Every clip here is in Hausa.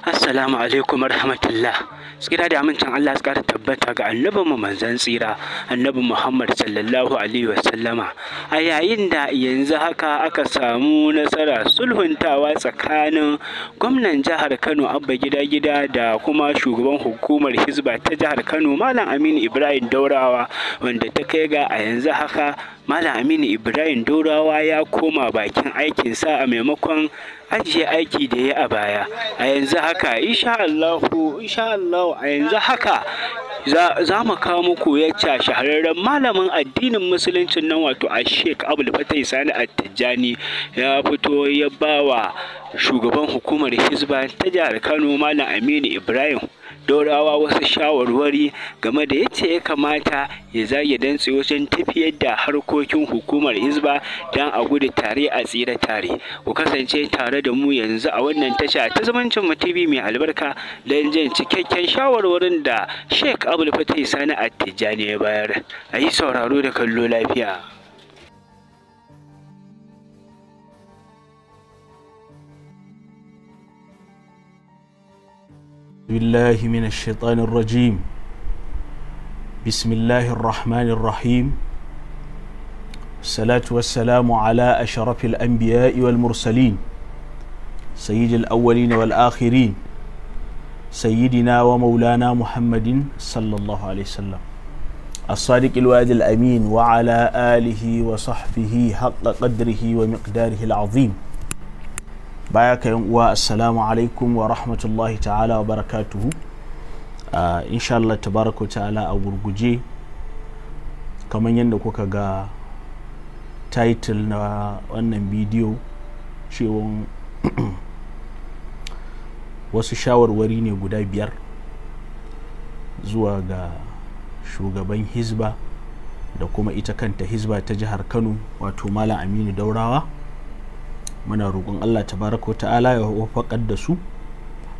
Assalamu alaikum rahmatullah. Tsira da amincin Allah su ƙara tabbata ga annabin mu manzon tsira, annabi Muhammad sallallahu alaihi wasallama. A yayin da yanzu haka aka samu nasara sulhuntawa tsakanin gwamnan jihar Kano Abba Gida Gida da kuma shugaban hukumar Hizba ta jihar Kano Malam Aminu Ibrahim Daurawa wanda ta kai ga a yanzu haka Malam Aminu Ibrahim Dorawa ya koma bakin aikinsa a maimakon ajiye aiki da ya a baya. A yanzu haka, insha Allah, insha Allah, a yanzu haka za mu kawo muku yacca shahararren malamin addinin musuluncin nan wato a Sheikh abul fatai sani attijani ya fito ya bawa shugaban hukumar hizba ta jihar kano malam aminu ibrahim dorawa wasu shawarwari game da yadda ya kamata ya zage dantse wajen tafiyar da harkokin hukumar Hizba don a gudu tare a tsira tare. Ku kasance tare da mu yanzu a wannan tasha ta zumuncin mu TV mai albarka don jin cikakken shawarwarin da Sheikh Abdul Fatih Sani Attijani ya bayar. A yi sauraro da kallo lafiya. بالله من الشيطان الرجيم بسم الله الرحمن الرحيم الصلاة والسلام على أشرف الأنبياء والمرسلين سيد الأولين والآخرين سيدنا ومولانا محمد صلى الله عليه وسلم الصادق الوعد الأمين وعلى آله وصحبه حق قدره ومقداره العظيم baya ka yan uwa assalamu alaikum wa rahmatullahi ta'ala wa barakatuhu uh, insha Allah tabaraka ta'ala a gurguje kamar yadda kuka ga title na wannan bidiyo cewon wasu shawarwari ne guda biyar zuwa ga shugaban hizba da kuma ita kanta hizba ta jihar kano wato malam aminu daurawa muna roƙon Allah ta tabaraka ta'ala ya wafakar da su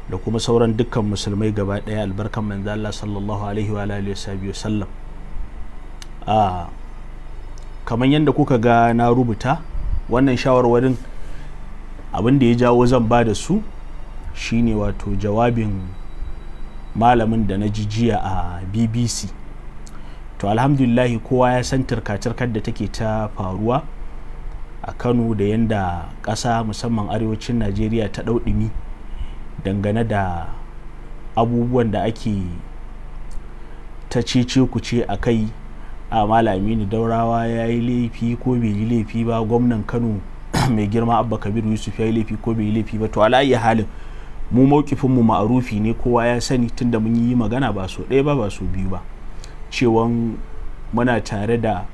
da kuma sauran dukkan musulmai gaba ɗaya albarkan manzo Allah sallallahu alaihi wa alihi wa sallam a kamar yadda kuka ga na rubuta wannan shawarwarin abin da ya jawo zan ba da su shine wato jawabin malamin da na ji jiya a bbc to alhamdulillahi kowa ya san turka da take ta faruwa a kano da yadda ƙasa musamman arewacin najeriya ta ɗauɗimi dangane da abubuwan da ake ta cece ce a kai a malami daurawa ya yi laifi ko bai yi laifi ba gwamnan kano mai girma abba Kabiru yusuf ya yi laifi ko bai yi laifi ba to ala'ayi halin mu mawkifin ma'arufi ne kowa ya sani tunda mun yi magana ba so ɗaya ba ba so biyu ba cewan muna tare da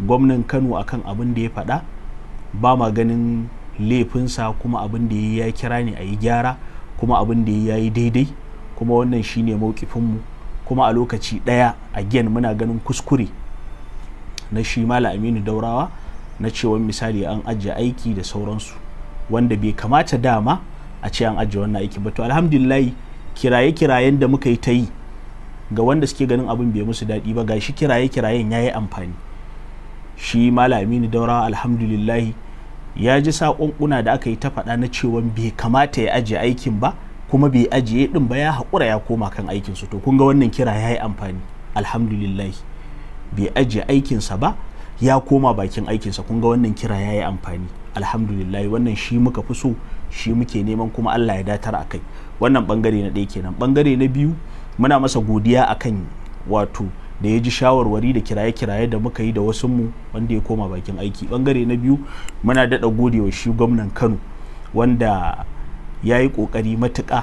gwamnan kano akan abin da ya faɗa ba ma ganin laifinsa kuma abin da ya kira ne a yi gyara kuma abin da ya yi daidai kuma wannan shi ne maukifinmu kuma a lokaci a again muna ganin kuskure na shi mala aminu daurawa na cewa misali an ajiye aiki da sauransu wanda bai kamata dama a ce an ajiye wannan aiki ba to alhamdulillahi kiraye-kirayen da muka yi ta yi ga wanda suke ganin abin bai musu daɗi ba gashi kiraye-kirayen ya yi amfani shi mala aminu daurawa alhamdulillahi ya ji saƙonƙuna da aka yi ta faɗa na cewa bai kamata ya ajiye aikin ba kuma bai ajiye ɗin ba ya haƙura ya koma kan aikinsu to kun ga wannan kira ya yi amfani alhamdulillah bai ajiye aikinsa ba ya koma bakin aikinsa kun ga wannan kira ya yi amfani alhamdulillah wannan shi muka fi so shi muke neman kuma Allah ya datar a kai wannan bangare na ɗaya kenan bangare na biyu muna masa godiya akan wato da ya ji shawarwari da kiraye-kiraye da muka yi da wasu mu wanda ya koma bakin aiki bangare na biyu muna daɗa gode wa shi gwamnan kano wanda ya yi ƙoƙari matuka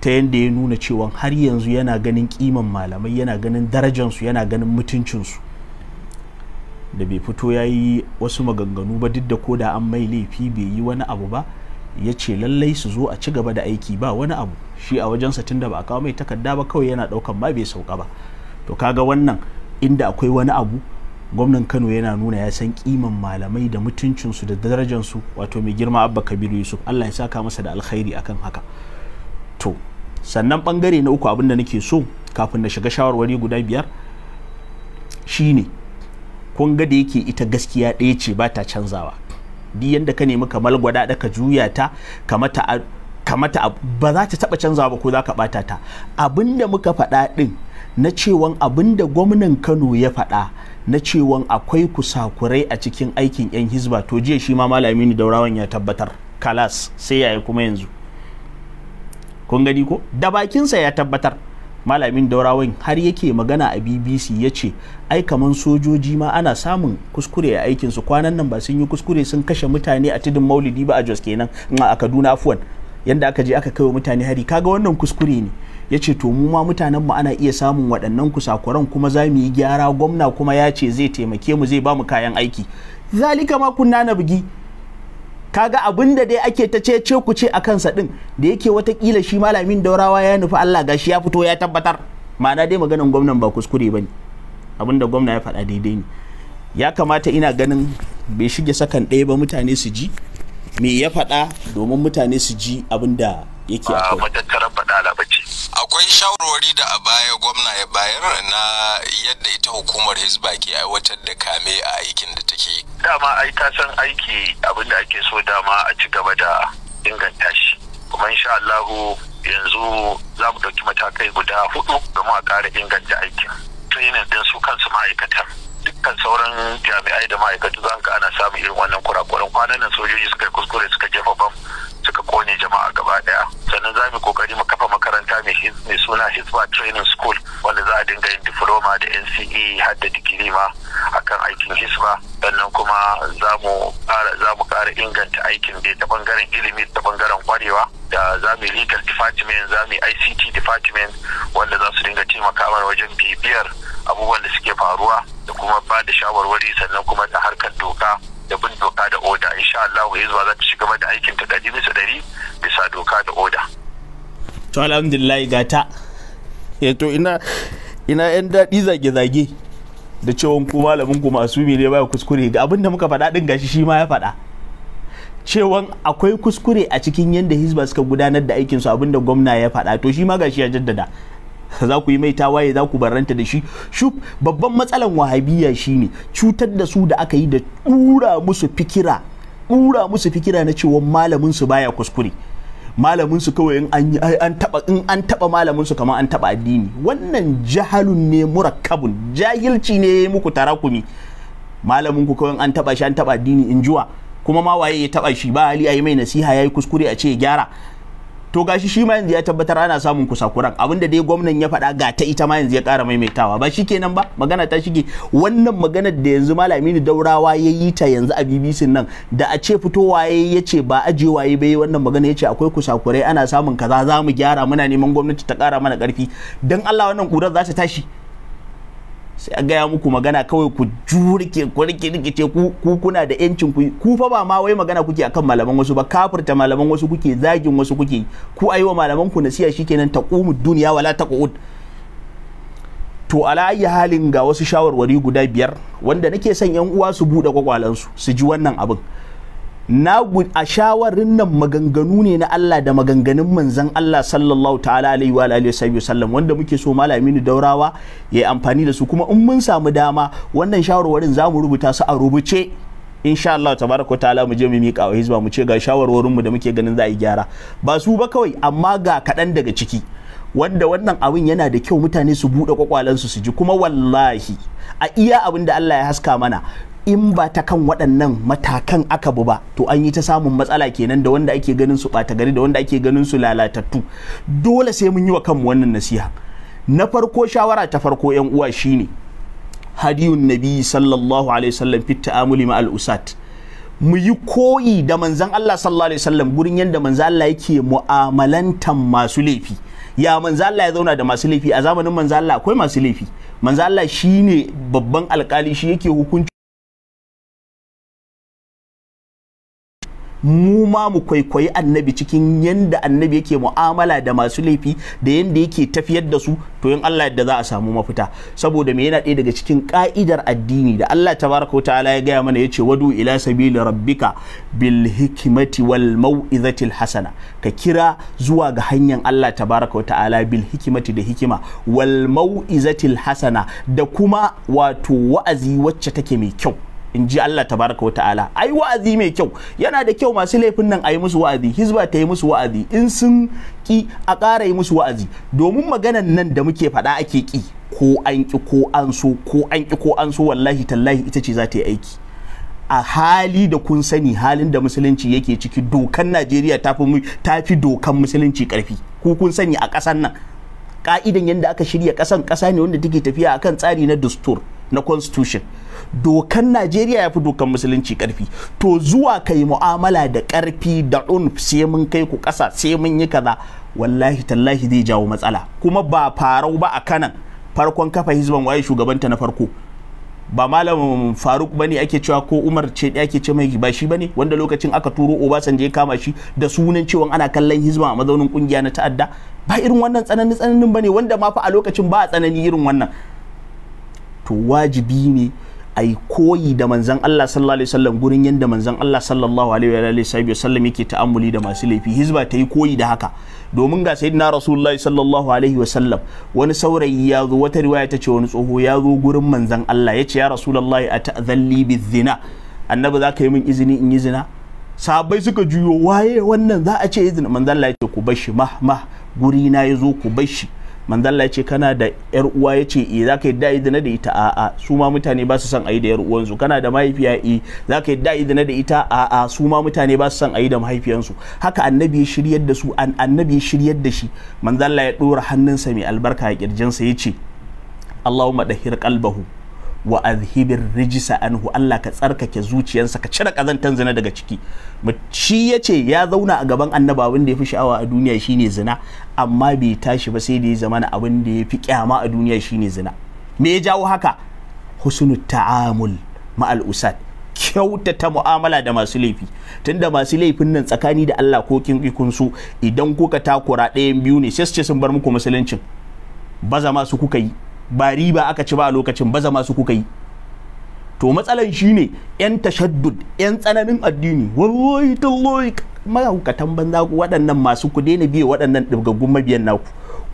ta yadda ya nuna cewa har yanzu yana ganin ƙiman malamai yana ganin darajansu yana ganin mutuncinsu da bai fito ya yi wasu maganganu ba duk da ko da an mai laifi bai yi wani abu ba ya ce lallai su zo a ci gaba da aiki ba wani abu shi a wajensa tunda ba a kawo mai takarda ba kawai yana daukan ma bai sauka ba to kaga wannan inda akwai wani abu gwamnan kano yana nuna ya san kiman malamai da mutuncinsu da darajansu wato mai girma abba kabiru yusuf allah ya saka masa da alkhairi akan haka to sannan bangare na uku abin nake so kafin na shiga shawarwari guda biyar shine kun ga da yake ita gaskiya ɗaya ce ba ta canzawa duk yadda ka nemi kamar gwada da ka juya ta kamata ba za ta taba canzawa ba ko za ka bata ta abinda muka faɗa ɗin na cewan abin da gwamnan kano ya faɗa na cewan akwai kusakurai a cikin aikin 'yan hizba to jiya shi ma malami ne daurawan ya tabbatar kalas sai yaya kuma yanzu kun gani ko da bakinsa ya tabbatar malamin daurawan har yake magana a bbc ya ce ai kaman sojoji ma ana samun kuskure a aikinsu kwanan nan ba sun yi kuskure sun kashe mutane a tudun maulidi ba a jos kenan a kaduna afuwan yadda aka je aka kai wa mutane hari kaga wannan kuskure ne ya ce to mu ma mutanen mu ana iya samun waɗannan kusakuran kuma za mu yi gyara gwamna kuma ya ce zai taimake mu zai ba mu kayan aiki zalika ma kunna na bugi kaga abin da dai ake ta ce ce ku ce a kansa din da yake kila shi malamin daurawa ya nufi Allah gashi ya fito ya tabbatar ma'ana dai maganan gwamnan ba kuskure bane abin da gwamna ya faɗa daidai ne ya kamata ina ganin bai shige sakan ɗaya ba mutane su ji me ya faɗa domin mutane su ji abin da yake a matattarar badala bace akwai shawarwari da a baya gwamna ya bayar na yadda ita hukumar hisba ke aiwatar da kame a aikin da take dama ai ta san aiki abin da ake so dama a ci gaba da inganta shi kuma insha Allah yanzu za mu ɗauki matakai guda hudu domin a ƙara inganta aikin training din su kansu ma'aikatan dukkan sauran jami'ai da ma'aikatu za ka ana samun irin wannan kurakuran kwanan nan sojoji suka yi kuskure suka jefa bam suka kone jama'a gaba daya sannan za mu kokari mu kafa makaranta mai suna hisba training school wanda za a dinga yin diploma da nce har da digiri ma akan aikin hisba sannan kuma za mu kara inganta aikin da ta bangaren ilimi ta bangaren kwarewa da za mu legal department za mu ict department wanda za su dinga taimakawa wajen bibiyar abubuwan da suke faruwa da kuma ba da shawarwari sannan kuma da harkar doka da bin doka da oda insha Allah ya zuwa za ta ci gaba da aikin ta ɗari bisa ɗari bisa doka da oda. to alhamdulillah ga ta eh, to ina ina yan daɗi zage-zage da cewa ku malamin ku masu ne ba kuskure ga abinda muka fada din gashi shi ma ya faɗa cewan akwai kuskure a cikin yadda hisba suka gudanar da aikinsu abinda gwamna ya faɗa to shi ma gashi ya jaddada za ku yi mai tawaye za ku barranta da shi shuf babban matsalan wahabiya ne cutar da su da aka yi da dura musu fikira dura musu fikira na cewa malamin su baya kuskure malamin su kawai in an an taba in an taba malamin su kamar an taba addini wannan jahalun ne murakkabun jahilci ne muku tarakumi malamin ku kawai an taba shi an taba addini in juwa kuma ma waye ya taba shi ba hali ayi mai nasiha yayi kuskure a ce ya gyara to gashi shi ma yanzu ya tabbatar ana samun kusakuran da dai gwamnan ya faɗa ga ta ita ma yanzu ya ƙara maimaitawa ba shikenan ba magana ta shige wannan maganar da yanzu malami daurawa ya yi ta yanzu a BBC nan da a ce fitowa ya ce ba ajewa waye bai wannan magana ya ce akwai kusakurai ana samun kaza za mu gyara muna neman gwamnati ta kara mana karfi dan Allah wannan ƙurar za ta tashi sai a gaya muku magana kawai ku jurike ku rike rikice ku kuna da yancin ku ku fa ba ma wai magana kuke akan malaman wasu ba kafirta malaman wasu kuke zagin wasu kuke ku ayi wa malaman ku nasiha shikenan taqumu duniya wala taqud to ala ayi halin ga wasu shawarwari guda biyar wanda nake son yan uwa su bude kwakwalansu su ji wannan abin na a shawarin nan maganganu ne na Allah da maganganun manzan Allah sallallahu ta'ala alaihi wa alihi sallam wanda muke so malami daurawa ya yi amfani da su kuma in mun samu dama wannan shawarwarin za mu rubuta su a rubuce insha Allah tabaraka ta'ala mu je mu miƙa wa hizba mu ce ga shawarwarin mu da muke ganin za a yi gyara ba su ba kawai amma ga kaɗan daga ciki wanda wannan abin yana da kyau mutane su buɗe kwakwalensu su ji kuma wallahi a iya abin da Allah ya haska mana in ba ta kan waɗannan matakan aka bu ba to an yi ta samun matsala kenan da wanda ake ganin su ɓata gari da wanda ake ganin su lalatattu dole sai mun yi wa kanmu wannan nasiha na farko shawara ta farko yan uwa shine hadiyun nabi sallallahu alaihi wasallam fit ta'amuli ma usat mu yi koyi da manzan Allah sallallahu alaihi wasallam gurin yadda manzan Allah yake mu'amalantan masu laifi ya manzo Allah ya zauna da masu laifi a zamanin manzo Allah akwai masu laifi manzo Allah shine babban alƙali shi yake hukunci mu ma mu kwaikwayi annabi cikin yanda annabi yake mu'amala da masu laifi da yanda yake tafiyar da su to yin Allah yadda za a samu mafita saboda me yana ɗaya daga cikin ka'idar addini da Allah tabaraka ta'ala ya gaya mana yace wadu ila sabili rabbika bil hikmati wal mau'izatil hasana ka kira zuwa ga hanyar Allah tabaraka ta'ala bil hikmati da hikima wal mau'izatil hasana da kuma wato wa'azi wacce take mai kyau in ji Allah tabaraka wata'ala ai wa'azi mai kyau yana da kyau masu laifin nan a yi musu wa'azi hizba ta yi musu wa'azi in sun ki a ƙara yi musu wa'azi domin maganan nan da muke faɗa ake ki ko an ki ko an so ko an ki ko an so wallahi tallahi ita ce za ta yi aiki a hali da kun sani halin da musulunci yake ciki dokan najeriya ta fi dokan musulunci karfi ku kun sani a ƙasan nan ka'idan yadda aka shirya ƙasan ƙasa ne wanda take tafiya akan tsari na dastur na constitution dokan najeriya ya fi dokan musulunci karfi to zuwa ka yi mu'amala da karfi da unf sai mun kai ku ƙasa sai mun yi kaza wallahi tallahi zai jawo matsala kuma ba farau ba a kanan farkon kafa hizban waye shugabanta na farko ba malam faruk ba ne ake cewa ko umar ce ɗaya ake ce mai ba shi ba ne wanda lokacin aka turo obasanjo ya kama shi da sunan cewa ana kallon hizba a mazaunin kungiya na ta'adda ba irin wannan tsananin tsananin ne wanda ma fa a lokacin ba a tsanani irin wannan to wajibi ne ai koyi da manzan Allah sallallahu alaihi wasallam gurin yadda manzan Allah sallallahu alaihi wasallam yake ta'ammuli da masu laifi hizba ta yi koyi da haka domin ga sayyidina rasulullahi sallallahu alaihi wasallam wani saurayi ya zo wata riwaya ta ce wani tsoho ya zo gurin manzan Allah yace ya rasulullahi a ta'zalli bizina annabi za ka yi min izini in yi zina sahabbai suka juyo waye wannan za a ce izini manzan Allah ya ce ku bashi shi mah guri na ya zo ku bashi. shi manzalla ya ce kana da yar uwa ya ce e eh, za ka yi da'i da ita a'a su ma mutane ba su son ayi da yar uwansu kana da mahaifiya e za ka yi da'i da ita a'a su ma mutane ba su son ayi da mahaifiyansu haka annabi ya shiryar da su annabi ya shiryar da shi manzalla ya dora hannunsa mai albarka a kirjinsa ya ce Allahumma dahir qalbahu wa azhibir rijisa anhu Allah ka tsarkake zuciyarsa ka cire kazantan zina daga ciki shi ya ce ya zauna a gaban annaba wanda da ya fi sha'awa a duniya shine zina amma bai tashi ba sai da ya zamana abin da ya fi kyama a duniya shine zina me ya jawo haka husnul ta'amul ma'al usad kyautata mu'amala da masu laifi tunda masu laifin nan tsakani da Allah ko kin su idan kuka takura ɗayan biyu ne sai su ce sun bar muku musuluncin baza su kuka yi ba riba aka ci ba a lokacin baza masu kuka yi to matsalan ne yan tashaddud yan tsananin addini wallahi mahaukatan banza ku waɗannan masu ku daina biye waɗannan ɗabgaggun mabiyan naku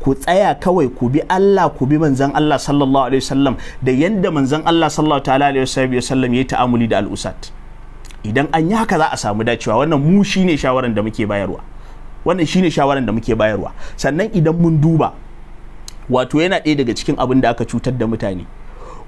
ku tsaya kawai ku bi Allah ku bi manzan Allah sallallahu alaihi wasallam da yadda manzan Allah sallallahu ta'ala alaihi wasallam ya ta'amuli da al'usat idan an yi haka za a samu dacewa wannan mu shine da shawaran da muke bayarwa sannan idan mun duba wato yana ɗaya daga cikin abin da aka cutar da mutane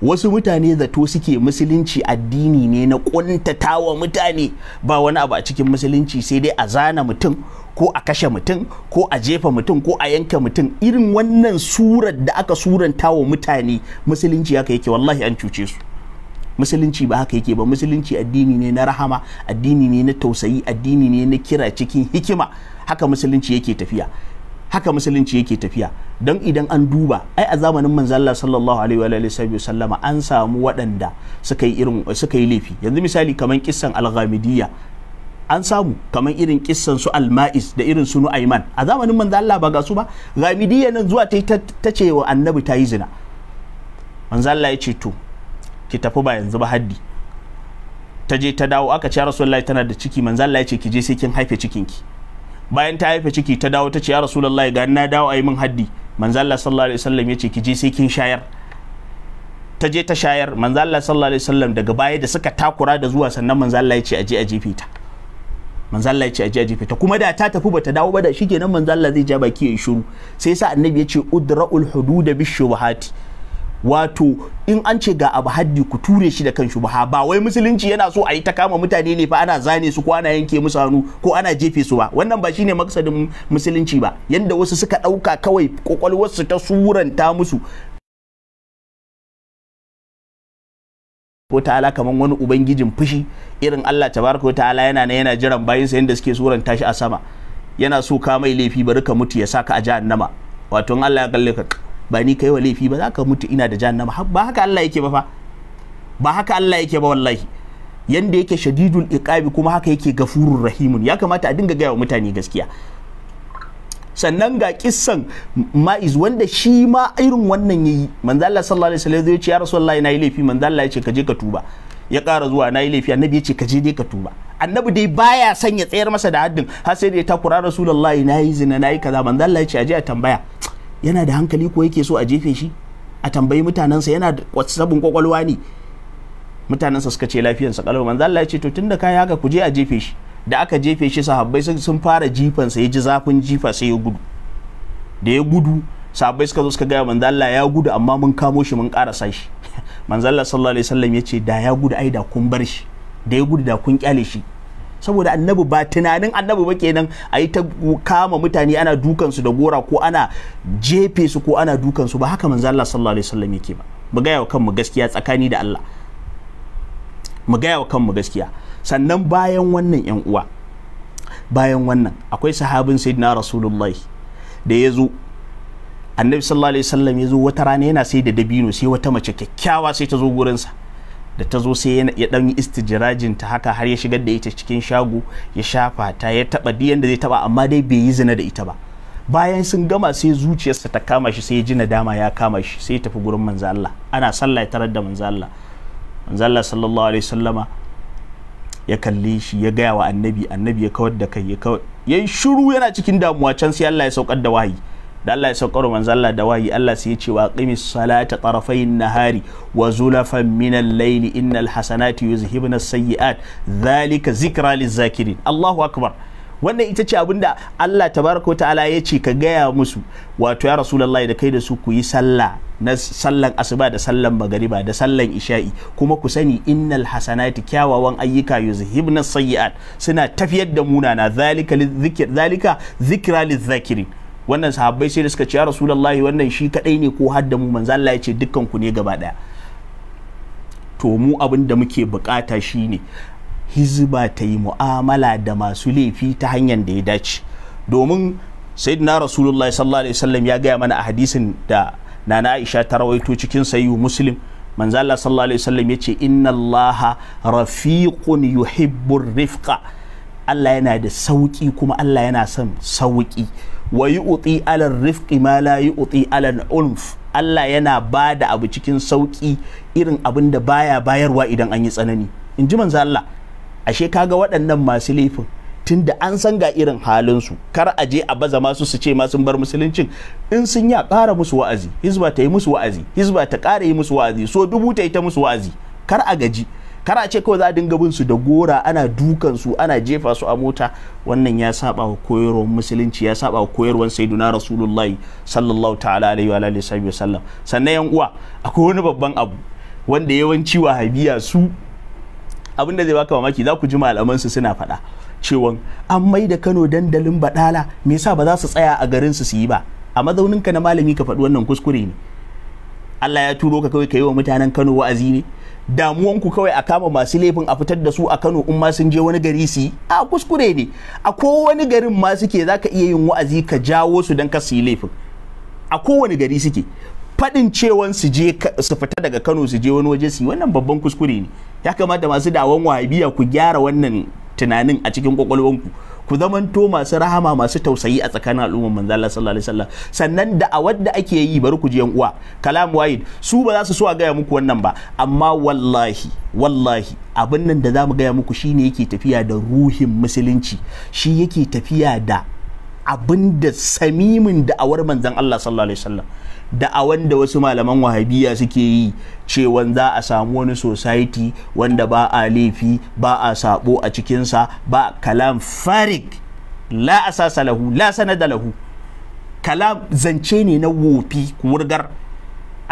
wasu mutane zato suke musulunci addini ne na kwantatawa mutane ba wani abu a cikin musulunci sai dai a zana mutum ko a kashe mutum ko a jefa mutum ko a yanka mutum irin wannan surar da aka suranta wa mutane musulunci haka yake wallahi an cuce su musulunci ba haka yake ba musulunci addini ne na rahama addini ne na tausayi addini ne na kira cikin hikima haka musulunci yake tafiya haka musulunci yake tafiya don idan an duba ai a zamanin manzo Allah sallallahu alaihi wa sallama an samu waɗanda suka yi irin suka yi laifi yanzu misali kamar kissan al an samu kamar irin kissan su almais da irin su nu'ayman a zamanin manzo ba ga su ba ghamidiyya nan zuwa ta ta ce wa annabi ta yi zina manzo ya ce to ki tafi ba yanzu ba haddi ta je ta dawo aka ce rasulullahi tana da ciki manzo ya ce ki je sai kin haife cikinki bayan ta haife ciki ta dawo ta ce ya rasulullahi ga na dawo a yi min haddi manzalla sallallahu alaihi wasallam ya ce ki je sai kin shayar ta je ta shayar manzalla sallallahu alaihi wasallam daga baya da suka takura da zuwa sannan manzalla ya ce aje a jefe ta manzalla ya ce aje a jefe ta kuma da ta tafi bata dawo ba da shikenan manzalla zai ja baki ya shiru sai sa annabi ya ce udra'ul hudud bishubahati wato in an ce ga abu haddi ku ture shi da kan ba ba wai musulunci yana so a yi ta kama mutane ne fa ana zane su ko ana yanke musu hannu ko ana jefe su ba wannan ba shine maksadin musulunci ba yanda wasu suka ɗauka kawai su ta suranta musu ko ta'ala kaman wani ubangijin fushi irin Allah tabaraka wa ta'ala yana na yana jiran bayin sa yanda suke suranta shi a sama yana so ka mai laifi bari ka mutu ya saka a jahannama wato Allah ya kalle ka ba ni kai wa laifi ba za ka mutu ina da janna ba haka Allah yake ba fa ba haka Allah yake ba wallahi yanda yake shadidul iqabi kuma haka yake gafurur rahimun ya kamata a dinga gaya wa mutane gaskiya sannan ga kissan ma'iz wanda shi ma irin wannan yayi manzo Allah sallallahu alaihi wasallam ya ce ya rasulullahi nayi laifi manzo Allah ya ce ka je ka tuba ya ƙara zuwa nayi laifi annabi ya ce ka je dai ka tuba annabi dai baya son ya tsayar masa da haddin har sai da ya takura rasulullahi nayi zina nayi kaza manzo Allah ya ce aje a tambaya yana da hankali ko yake so a jefe shi a tambayi mutanensa yana da sabon kwakwalwa ne mutanensa suka ce sa kalau manzo Allah ya ce to tunda kai haka ku je a jefe shi da aka jefe shi sahabbai sun fara jifan sa ya ji zafin jifa sai ya gudu da ya gudu sahabbai suka zo suka gaya manzo Allah ya gudu amma mun kamo shi mun karasa shi manzo Allah sallallahu alaihi wasallam ya ce da ya gudu ai da kun bar shi da ya gudu da kun kyale shi saboda annabi ba tunanin annabi ba kenan a yi ta kama mutane ana dukansu da gora ko ana jefe su ko ana dukansu ba haka manzo Allah sallallahu alaihi wasallam yake ba mu gaya wa kanmu gaskiya tsakani da Allah mu gaya wa kanmu gaskiya sannan bayan wannan yan uwa bayan wannan akwai sahabin sayyidina rasulullahi da ya zo annabi sallallahu alaihi wasallam ya zo wata rana yana sai da dabino sai wata mace kyakkyawa sai ta zo gurinsa da ta zo sai ya dan yi istijirajin ta haka har ya shigar da ita cikin shago ya shafa ta ya taba diyan da zai taba amma dai bai yi zina da ita ba bayan sun gama sai zuciyarsa ta kama shi sai ya ji nadama ya kama shi sai tafi gurin manzo Allah ana sallah ya tarar da manzo Allah manzo Allah sallallahu alaihi wasallama ya kalle shi ya gaya wa annabi annabi ya kawar da kai ya kawar yayin shiru yana cikin damuwa can sai Allah ya saukar da wahayi da Allah ya saukar manzo Allah da wayi Allah sai ya ce wa qimis salata tarafayn nahari wa zulafan min al-layli innal hasanati yuzhibna as-sayyi'at dhalika zikra liz-zakirin Allahu akbar wannan ita ce abinda Allah tabaraka wa ta'ala ya ce ka gaya musu wato ya rasulullahi da kai da su ku yi sallah na sallan asuba da sallan magariba da sallan isha'i kuma ku sani innal hasanati kyawawan ayyuka yuzhibna as-sayyi'at suna tafiyar da munana zalika zikra liz-zakirin wannan sahabbai sai da suka ce ya rasulullahi wannan shi kadai ne ko har da mu manzo Allah ya ce dukkan ku ne gaba daya to mu abin da muke bukata shine hizba ta yi mu'amala da masu laifi ta hanyar da ya dace domin sayyidina rasulullahi sallallahu alaihi wasallam ya gaya mana a hadisin da nana Aisha ta rawaito cikin sayyu muslim manzo Allah sallallahu alaihi wasallam ya ce inna Allah rafiqun yuhibbur rifqa Allah yana da sauki kuma Allah yana son sauki wa yi utsi alan rifki ma la yu'ti alan ulf Allah yana ba da abu cikin sauƙi irin abin da baya bayarwa idan an yi tsanani in ji manzo Allah ashe kaga waɗannan masu laifin tunda an san ga irin halinsu kar a je a baza masu su ce ma sun bar musuluncin in sun ya ƙara musu wa'azi hizba ta yi musu wa'azi hizba ta ƙara yi musu wa'azi so dubu ta yi ta musu wa'azi kar a gaji kara ce kawai za a dinga bin su da gora ana dukan su ana jefa su a mota wannan ya saba wa koyarwar musulunci ya saba wa koyarwar sayyiduna rasulullahi sallallahu ta'ala alaihi wa alihi wa sallam sannan yan uwa akwai wani babban abu wanda yawanci wa habiya su abin da zai baka mamaki za ku ji malaman su suna faɗa cewa an mai da Kano dandalin badala me yasa ba za su tsaya a garin su su yi ba a mazauninka na malami ka faɗi wannan kuskure ne Allah ya turo ka kawai ka yi wa mutanen Kano wa'azi ne damuwanku kawai a kama masu laifin a fitar da su a Kano in ma sun je wani gari su yi a kuskure ne a wani garin ma suke zaka iya yin wa'azi ka jawo su dan ka su yi laifin a kowane gari suke faɗin cewa su je su fita daga Kano su je wani waje su yi wannan babban kuskure ne ya kamata masu dawon wahabiya ku gyara wannan tunanin a cikin kwakwalwanku ku zamanto masu rahama masu tausayi a tsakanin al'ummar manzo Allah sallallahu alaihi wasallam sannan da a wadda ake yi bari ku ji yan uwa kalam wahid su ba za su so a gaya muku wannan ba amma wallahi wallahi abin nan da za mu gaya muku shine yake tafiya da ruhin musulunci shi yake tafiya da abinda samimin da'awar manzan Allah sallallahu alaihi wasallam da'awan da wasu malaman wahabiya suke yi cewan za a samu wani society wanda ba a laifi ba a sabo a cikinsa ba kalam farik la asasa lahu la sanada lahu kalam zance ne na wofi wurgar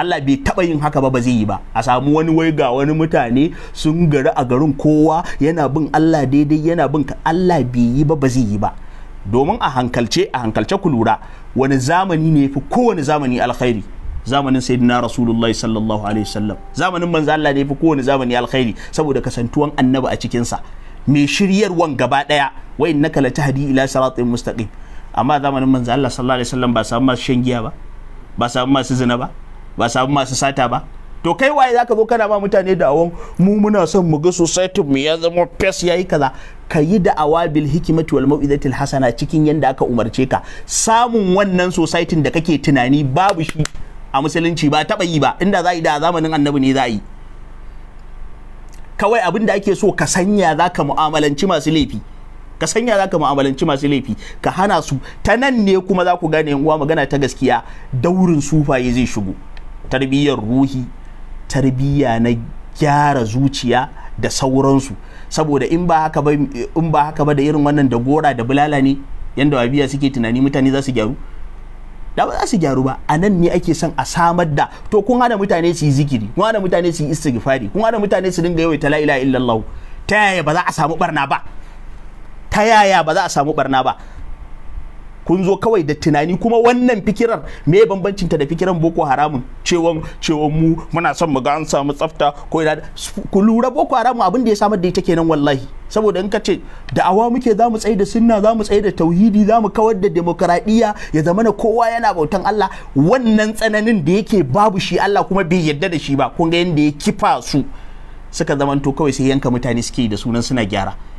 Allah bai taba yin haka ba ba zai yi ba a samu wani wai ga wani mutane sun gari a garin kowa yana bin Allah daidai yana bin ka Allah bai yi ba ba zai yi ba domin a hankalce a hankalce ku lura wani zamani ne fi kowane zamani alkhairi zamanin sayyidina rasulullahi sallallahu alaihi wasallam zamanin manzo Allah ne fi kowane zamani alkhairi saboda kasantuwan annabi a cikin sa mai shiryarwan gaba daya wa innaka latahdi ila siratin mustaqim amma zamanin manzo Allah sallallahu alaihi wasallam ba samu masu shan giya ba ba samu masu zina ba ba samu masu sata ba to kai waye zaka zo kana ba mutane da'awan mu muna son mu ga society mu ya zama fes yayi kaza ka yi da awabil hikimati wal mau'izatil hasana cikin yanda aka umarce ka samun wannan society da kake tunani babu shi a musulunci ba taba yi ba inda za yi da zamanin annabi ne za yi kawai abin da ake so ka sanya za mu'amalanci masu laifi ka sanya za mu'amalanci masu laifi ka hana su ta nan ne kuma za ku gane uwa magana ta gaskiya daurin sufaye zai shigo tarbiyyar ruhi tarbiyya na gyara zuciya da sauransu saboda in ba haka ba da irin wannan da gora da bulala ne yadda wabiya suke tunani mutane za su gyaru da ba za su gyaru ba a nan ne ake son a samar da to kun hada mutane su yi zikiri kun hada mutane su yi istighfari kun hada mutane su dinga yawaita la ilaha illallah ta yaya ba za a samu ta yaya ba za a samu barna ba kun zo kawai da tunani kuma wannan fikirar me bambancin ta da fikiran boko haramun cewa cewon mu muna son mu ga an samu tsafta ko ina ku lura boko haramun abin da ya samar da ita kenan wallahi saboda in ka ce da awa muke za mu tsaye da sunna za mu tsaye da tauhidi za mu kawar da demokradiyya ya zama na kowa yana bautan Allah wannan tsananin da yake babu shi Allah kuma bai yarda da shi ba kun ga yanda ya kifa su suka zamanto kawai sai yanka mutane suke da sunan suna gyara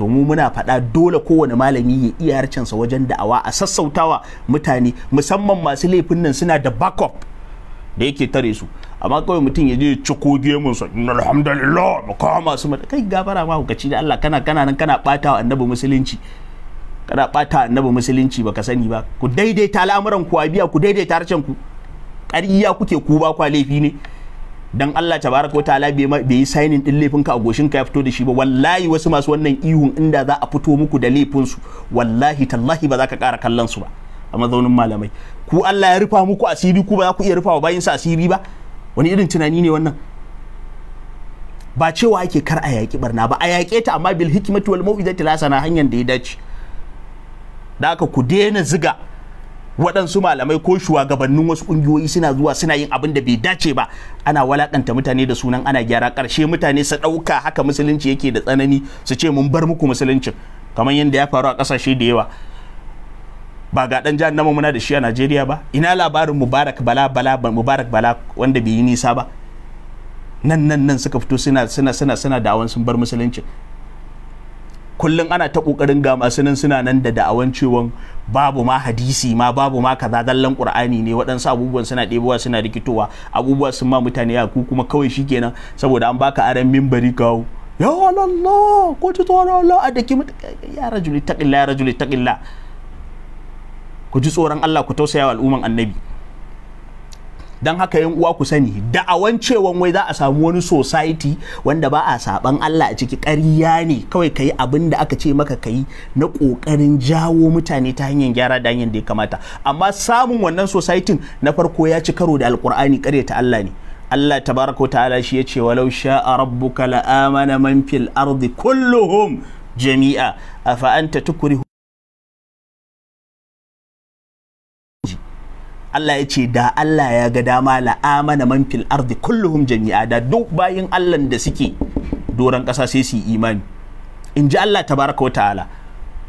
to mu muna faɗa dole kowane malami ya iya harcensa wajen da'awa a sassautawa mutane musamman masu laifin nan suna da backup da yake tare su amma kawai mutum ya je ciko gemun sa alhamdulillah mu kama su mata kai gafara ma hukaci da Allah kana kana nan kana bata annabi musulunci kana bata annabi musulunci baka sani ba ku daidaita al'amuran ku a ku daidaita harcen ku ƙarya kuke ku ba kwa laifi ne dan Allah tabaraka wa ta'ala bai yi signing din laifin ka a goshin ka ya fito da shi ba wallahi wasu masu wannan ihun inda za a fito muku da laifin su wallahi tallahi ba za ka ƙara kallon su ba a mazaunin malamai ku Allah ya rufa muku asiri ku ba za ku iya rufa wa bayin sa asiri ba wani irin tunani ne wannan ba cewa ake kar a yaƙi barna ba a yaƙe ta amma bil hikmatu wal mau'izati lasana hanyar da ya dace da aka ku daina ziga waɗansu malamai ko shugabannin wasu ƙungiyoyi suna zuwa suna yin abin da bai dace ba ana walakanta mutane da sunan ana gyara ƙarshe mutane su ɗauka haka musulunci yake da tsanani su ce mun bar muku musuluncin kamar yadda ya faru a ƙasashe da yawa ba ga ɗan jihar nama muna da shi a najeriya ba ina labarin mubarak bala bala mubarak bala wanda bai yi nisa ba nan nan nan suka fito suna suna suna suna dawon sun bar musulunci kullum ana ta kokarin ga masu nan suna nan da da'awan cewa babu ma hadisi ma babu ma kaza zallan qur'ani ne waɗansu abubuwan suna ɗebowa suna rikitowa abubuwa sun ma mutane ya ku kuma kawai shikenan saboda an baka aran mimbari kawo ya Allah ko ji tsoron Allah a daki ya rajuli taqilla ya rajuli taqilla ku ji tsoron Allah ku tausaya wa al'umman annabi don haka yan uwa ku sani da'awan cewan wai za a samu wani society wanda ba a saban Allah a ciki ƙarya ne kawai kayi abin da aka ce maka kayi na ƙoƙarin jawo mutane ta hanyar gyara da hanyar da ya kamata amma samun wannan society na farko ya ci karo da alƙur'ani ta Allah ne Allah tabaraka ta'ala shi ya ce walau sha'a rabbuka la amana man fil ardi kulluhum jami'a afa anta tukrihu Allah ya ce da Allah ya ga dama la'amana man fil ardi kulluhum jami'a da duk bayin Allah da suke doran ƙasa sai su yi imani in ji Allah tabaraka wa ta'ala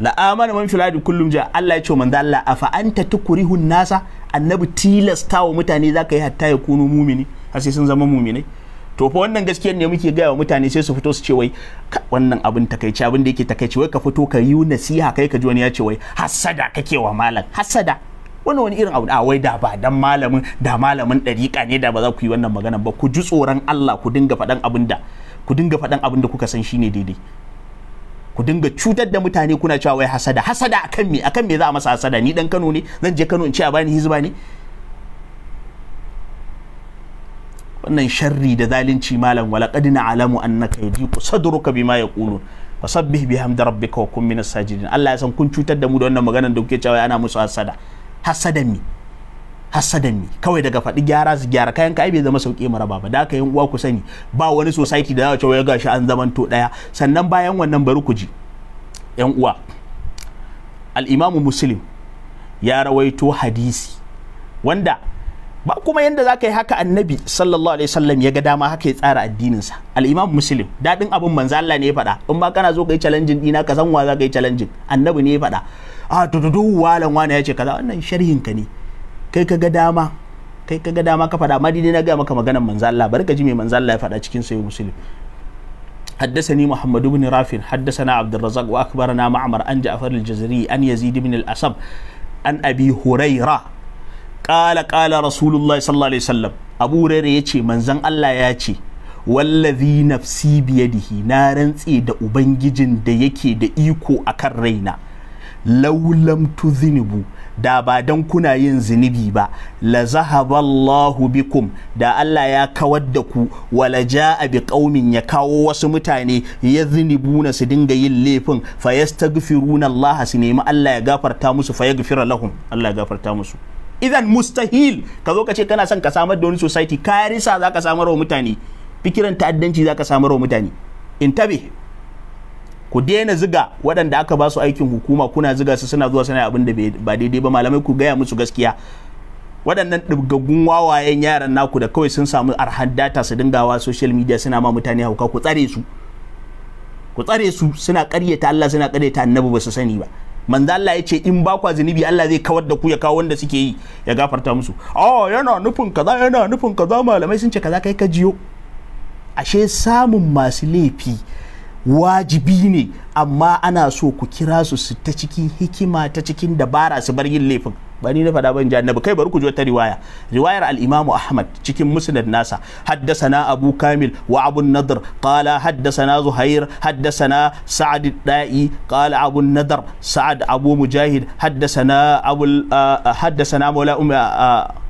la'amana man fil ardi kullum ja Allah ya ce man Allah afa anta tukrihun nasa annabi tilasta wa mutane zaka yi hatta ya kunu mumini har sai sun zama muminai to fa wannan gaskiyar ne muke gaya wa mutane sai su fito su ce wai wannan abin takaici abin da yake takaici wai ka fito ka yi nasiha kai ka ji wani ya ce wai hasada kake wa malam hasada wani wani irin abu da ah, wai da ba dan malamin da malamin dariƙa ne da ba za ku yi wannan magana ba ku ji tsoron Allah ku dinga faɗan abin da ku dinga faɗan abin da kuka san shine daidai ku dinga cutar da mutane kuna cewa wai hasada hasada akan me akan me za a masa hasada ni dan Kano ne zan je Kano in ce a bani hizba ne wannan sharri da zalunci malam wala qad na'lamu annaka yadiqu sadruka bima yaqulun fasabbih bihamdi rabbika wa kun minas sajidin Allah ya san kun cutar da mu da wannan maganar da kuke cewa ana musu hasada hasadan mi hasadan mi kawai daga faɗi gyara su gyara kayan ka bai zama sauƙi mara ba da aka yin uwa ku sani ba wani society da za ce wai gashi an zaman to ɗaya sannan bayan wannan bari ku ji yan uwa al-imamu muslim ya rawaito hadisi wanda ba kuma yanda za ka yi haka annabi sallallahu alaihi wasallam ya ga dama haka ya tsara addininsa al-imam muslim dadin abin manzo Allah ne ya faɗa in ma kana zo ka yi challenging dina ka san wa za ka yi challenging annabi ne ya faɗa tututu walanwani ya ce kaza wannan sharhin ka ne. kai ka ga dama ka fada amma dai na ga maka magana a Manzala barka ji me Manzala ya fada cikin sayo Musulmi. haddasani Muhammadu bin rafin haddasana Abdulrazak wa'akbar na mamar an ji a an yazi dimin asam an abi huraira ƙalaƙala rasulillah sallallahu ahiwi salam. abu wurare yace manzan Allah ya ce wallafi nafsi biyadihi na rantse da ubangijin da yake da iko akan raina. laulam tu zinibu da ba don kuna yin zinibi ba la zahaballahu bikum da Allah ya kawar da ku wala a bi qaumin ya kawo wasu mutane ya zinibuna su dinga yin laifin fa yastaghfiruna Allah su nemi Allah ya gafarta musu fa yaghfira lahum Allah ya gafarta musu idan mustahil ka zo ka ce kana son ka samar da wani society ka zaka samar wa mutane fikiran ta'addanci zaka samar wa mutane intabi ku daina ziga waɗanda aka ba su aikin hukuma kuna ziga su suna zuwa suna abin da ba daidai ba malamai ku gaya musu gaskiya waɗannan ɗibgaggun wawayen yaran naku da kawai sun samu arhan data su dingawa social media suna ma mutane hauka ku tsare su ku tsare su suna ƙaryata Allah suna ƙaryata annabi ba su sani ba manzo Allah ya ce in ba kwa zunubi Allah zai kawar da ku ya kawo wanda suke yi ya gafarta musu oh yana nufin kaza yana nufin kaza malamai sun ce kaza kai ka jiyo ashe samun masu laifi wajibi ne amma ana so ku kira su su ta cikin hikima ta cikin dabara su bar yin laifin bani na faɗa ban ji annabi kai bari ku ta wata riwaya riwayar al-Imam Ahmad cikin musnad nasa haddasana Abu Kamil wa Abu Nadr qala haddasana Zuhair haddasana Sa'ad da'i qala Abu Nadr Sa'ad Abu Mujahid haddasana Abu ah, ah, haddasana Mawla ah,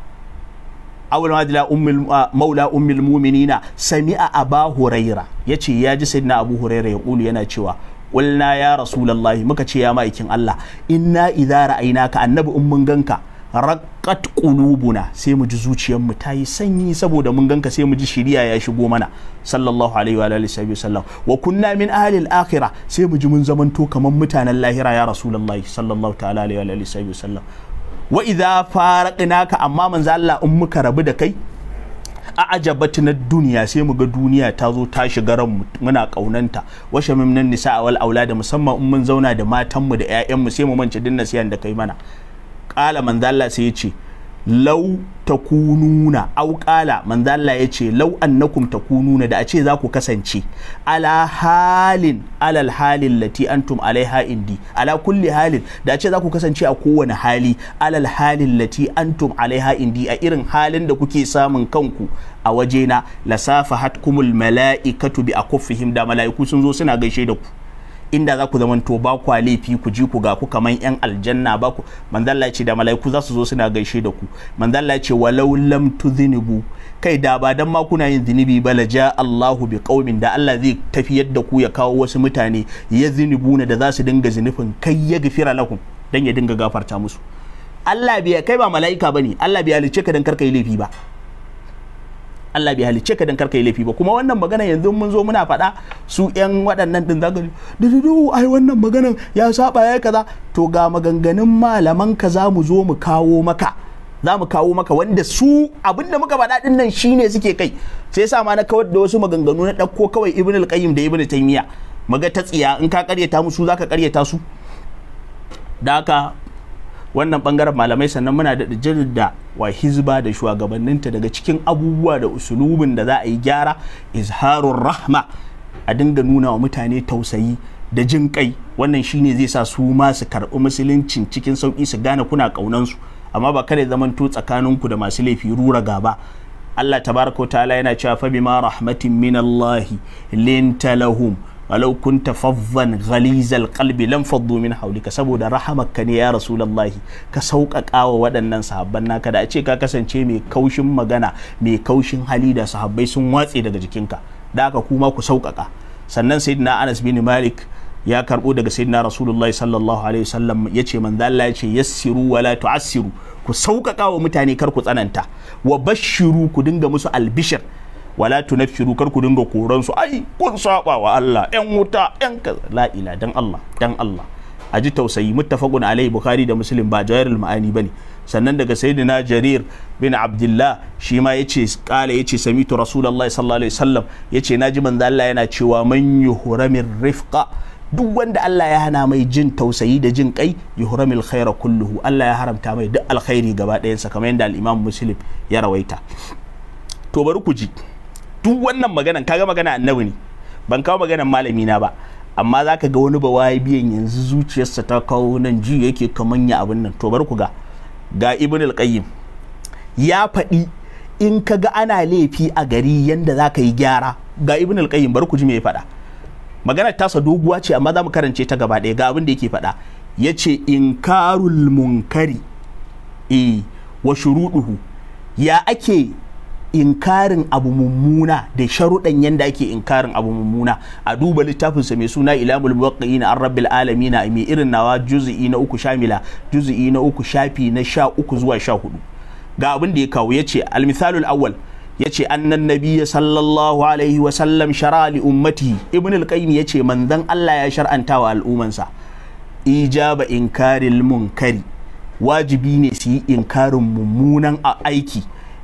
awal madila ummul ah, maula ummul sami'a aba yace ya ji sayyidina abu huraira ya kulu yana cewa qulna ya rasulullahi muka ce ya ma aikin Allah inna idza ra'aynaka annabi in mun ganka raqqat qulubuna sai muji zuciyar mu tayi sanyi saboda mun ganka sai mu ji shiriya ya shigo mana sallallahu alaihi wa alihi wa kunna min ahli akhira sai muji mun zamanto kamar mutanen lahira ya rasulullahi sallallahu ta'ala alaihi wa alihi sallam wa idza faraqnaka amma manzo Allah in muka rabu da kai a na duniya sai mu ga duniya ta zo ta shiga ran muna kaunanta washe mimnan nisa wal aulada musamman in mun zauna da matanmu da mu sai mu mance dinna siyan da kai mana qala manzo Allah sai ya ce lau takununa auƙala manzala ya ce lau annakum takununa da a ce za ku kasance ala halin alal halin lati antum alaiha indi ala kulli halin da a ce za ku kasance a kowane hali alal halin lati antum alaiha indi a irin halin da kuke samun kanku a waje wajena lasafahat kumul mala'ikatu bi kofihim da mala'iku sun zo suna gaishe da ku inda za ku zamanto ba ku laifi ku ji ku ga ku kaman yan aljanna ba ku manzalla ce da mala'iku za su zo suna gaishe da ku manzalla ce walau lam tuzinibu kai da ba dan ma kuna yin zinubi ba la ja Allahu bi qaumin da Allah zai tafiyar da ku ya kawo wasu mutane ya zinubuna da za su dinga zinufin kai ya gafira lakum dan ya dinga gafarta musu Allah bai kai ba mala'ika bane Allah bai lice ka dan karka yi laifi ba Allah bai halice ka dan karka yi laifi ba kuma wannan magana yanzu mun zo muna faɗa su yan waɗannan din zaka dudu ai wannan maganan ya saba ya kaza to ga maganganun malaman ka za mu zo mu kawo maka za mu kawo maka wanda su abinda muka faɗa din nan shine suke kai sai sa ma na kawar da wasu maganganu na ɗauko kawai ibn al-qayyim da ibn taymiya maga ta tsiya in ka karyata musu zaka karyata su da haka wannan bangaren malamai sannan muna da da wa hizba da shugabanninta daga cikin abubuwa da usulubin da za a yi gyara izharun rahma a dinga nuna wa mutane tausayi da jin kai wannan shine zai sa su ma su karɓi musuluncin cikin sauƙi su gane kuna ƙaunansu amma ba kada zamanto tsakaninku da masu laifi rura gaba Allah tabaraka ta'ala yana cewa fa bima rahmatin min Allah walau kunta fazzan ghalizal qalbi lam faddu min hawlika saboda rahamakka ne ya rasulullahi ka sauƙaƙa wa waɗannan sahabban naka da a ce ka kasance mai kaushin magana mai kaushin hali da sahabbai sun watse daga jikinka da aka kuma ku sauƙaƙa sannan sayyidina Anas bin Malik ya karbo daga sayyidina Rasulullahi sallallahu alaihi wasallam yace manzo Allah yassiru wala tu'assiru ku sauƙaƙa wa mutane kar ku tsananta wa bashiru ku dinga musu albishir wala tunafiru kar ku dinga koran su ai kun saba wa Allah yan wuta yan kaza la ila dan Allah dan Allah aji tausayi muttafaqun alai bukhari da muslim ba jawairul ma'ani bane sannan daga sayyidina jarir bin abdullah shi ma yace kala yace sami tu rasulullahi sallallahu alaihi wasallam yace naji manzo Allah yana cewa man yuhramir rifqa duk wanda Allah ya hana mai jin tausayi da jin kai yuhramil khaira kulluhu Allah ya haramta mai duk alkhairi gaba ɗayansa kamar yadda al-Imam Muslim ya rawaita to bari ku ji duk wannan maganan kaga magana annabi ne ban kawo maganan malami na ba amma za ka ga wani ba biyan yanzu zuciyarsa ta kawo nan ji yake kaman ya abin nan to bar ku ga ga ibn al-qayyim ya faɗi in ka ga ana laifi a gari yanda za ka yi gyara ga ibn al-qayyim bar ku ji me ya faɗa maganar tasa doguwa ce amma za mu karance ta gaba ɗaya ga abin da yake faɗa ya ce inkarul munkari e wa shuruɗuhu ya ake inkarin abu mummuna da sharuɗan yadda ake inkarin abu mummuna a duba littafinsa mai suna ilamul muwaqqi'ina na rabbil alamin mai irin nawa juzu'i na uku shamila juzu'i na uku shafi na sha uku zuwa sha hudu ga abin da ya kawo yace almisalul awwal yace annan nabiyya sallallahu alaihi wa sallam shara li ummati ibn al yace manzon Allah ya shar'anta wa al'umansa ijaba inkaril munkari wajibi ne su yi inkarin mummunan aiki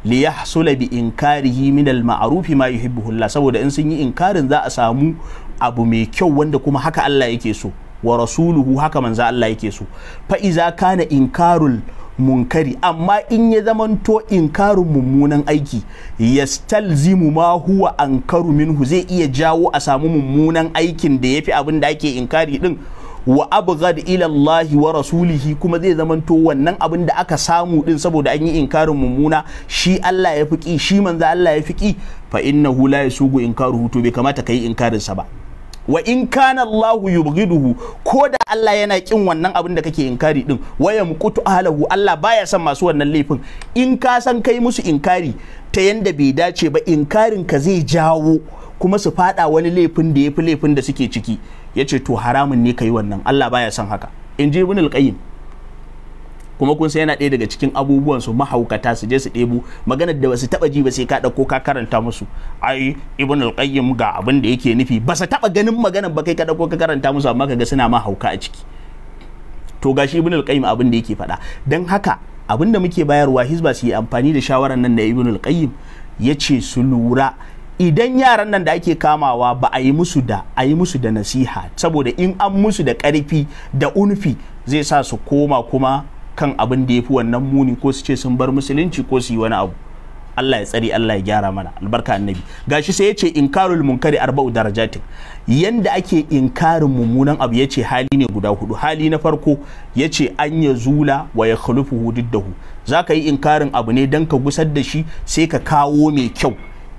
li yahsula bi inkarihi min al ma yuhibbu Allah saboda in sun yi inkarin za a samu abu mai kyau wanda kuma haka Allah yake so wa rasuluhu haka manzo Allah yake so fa iza kana inkarul munkari amma in ya zamanto inkarin mummunan aiki yastalzimu ma huwa ankaru minhu zai iya jawo a samu mummunan aikin da yafi abin da ake inkari din wa abghad ila Allah wa rasulihi kuma zai zamanto wannan abin da aka samu din saboda an yi inkarin mummuna shi Allah ya fiki shi manzo Allah ya fiki fa innahu la yasugu inkaruhu to bai kamata kai inkarin sa ba wa in kana Allah yubghiduhu ko da Allah yana kin wannan abin da kake inkari din waya muqutu ahlahu Allah baya son masu wannan laifin in ka san kai musu inkari ta yanda bai dace ba inkarin ka zai jawo kuma su fada wani laifin da ya fi laifin da suke ciki ya ce to haramun ne ka yi wannan Allah baya son haka in je ibn al-qayyim kuma kun sai yana ɗaya daga cikin abubuwan su mahaukata su je su ɗebo magana da basu taba ji ba sai ka ɗauko ka karanta musu ai ibn al-qayyim ga abin da yake nufi ba su taba ganin maganar ba kai ka ɗauko ka karanta musu amma kaga suna mahauka a ciki to gashi ibn al-qayyim abin da yake faɗa dan haka abin da muke bayarwa hizba su yi amfani da shawarar nan da ibn al-qayyim ya ce su lura idan yaran nan da ake kamawa ba a yi musu da a yi musu da nasiha saboda in an musu da karfi da unfi zai sa su koma kuma kan abin da ya fi wannan muni ko su ce sun bar musulunci ko su yi wani abu Allah ya tsari Allah ya gyara mana albarka annabi gashi sai yace inkarul munkari arba'u darajatin yanda ake inkarin mummunan abu yace hali ne guda hudu hali na farko yace an ya zula wa ya khulufu diddahu zaka yi inkarin abu ne dan ka gusar da shi sai ka kawo mai kyau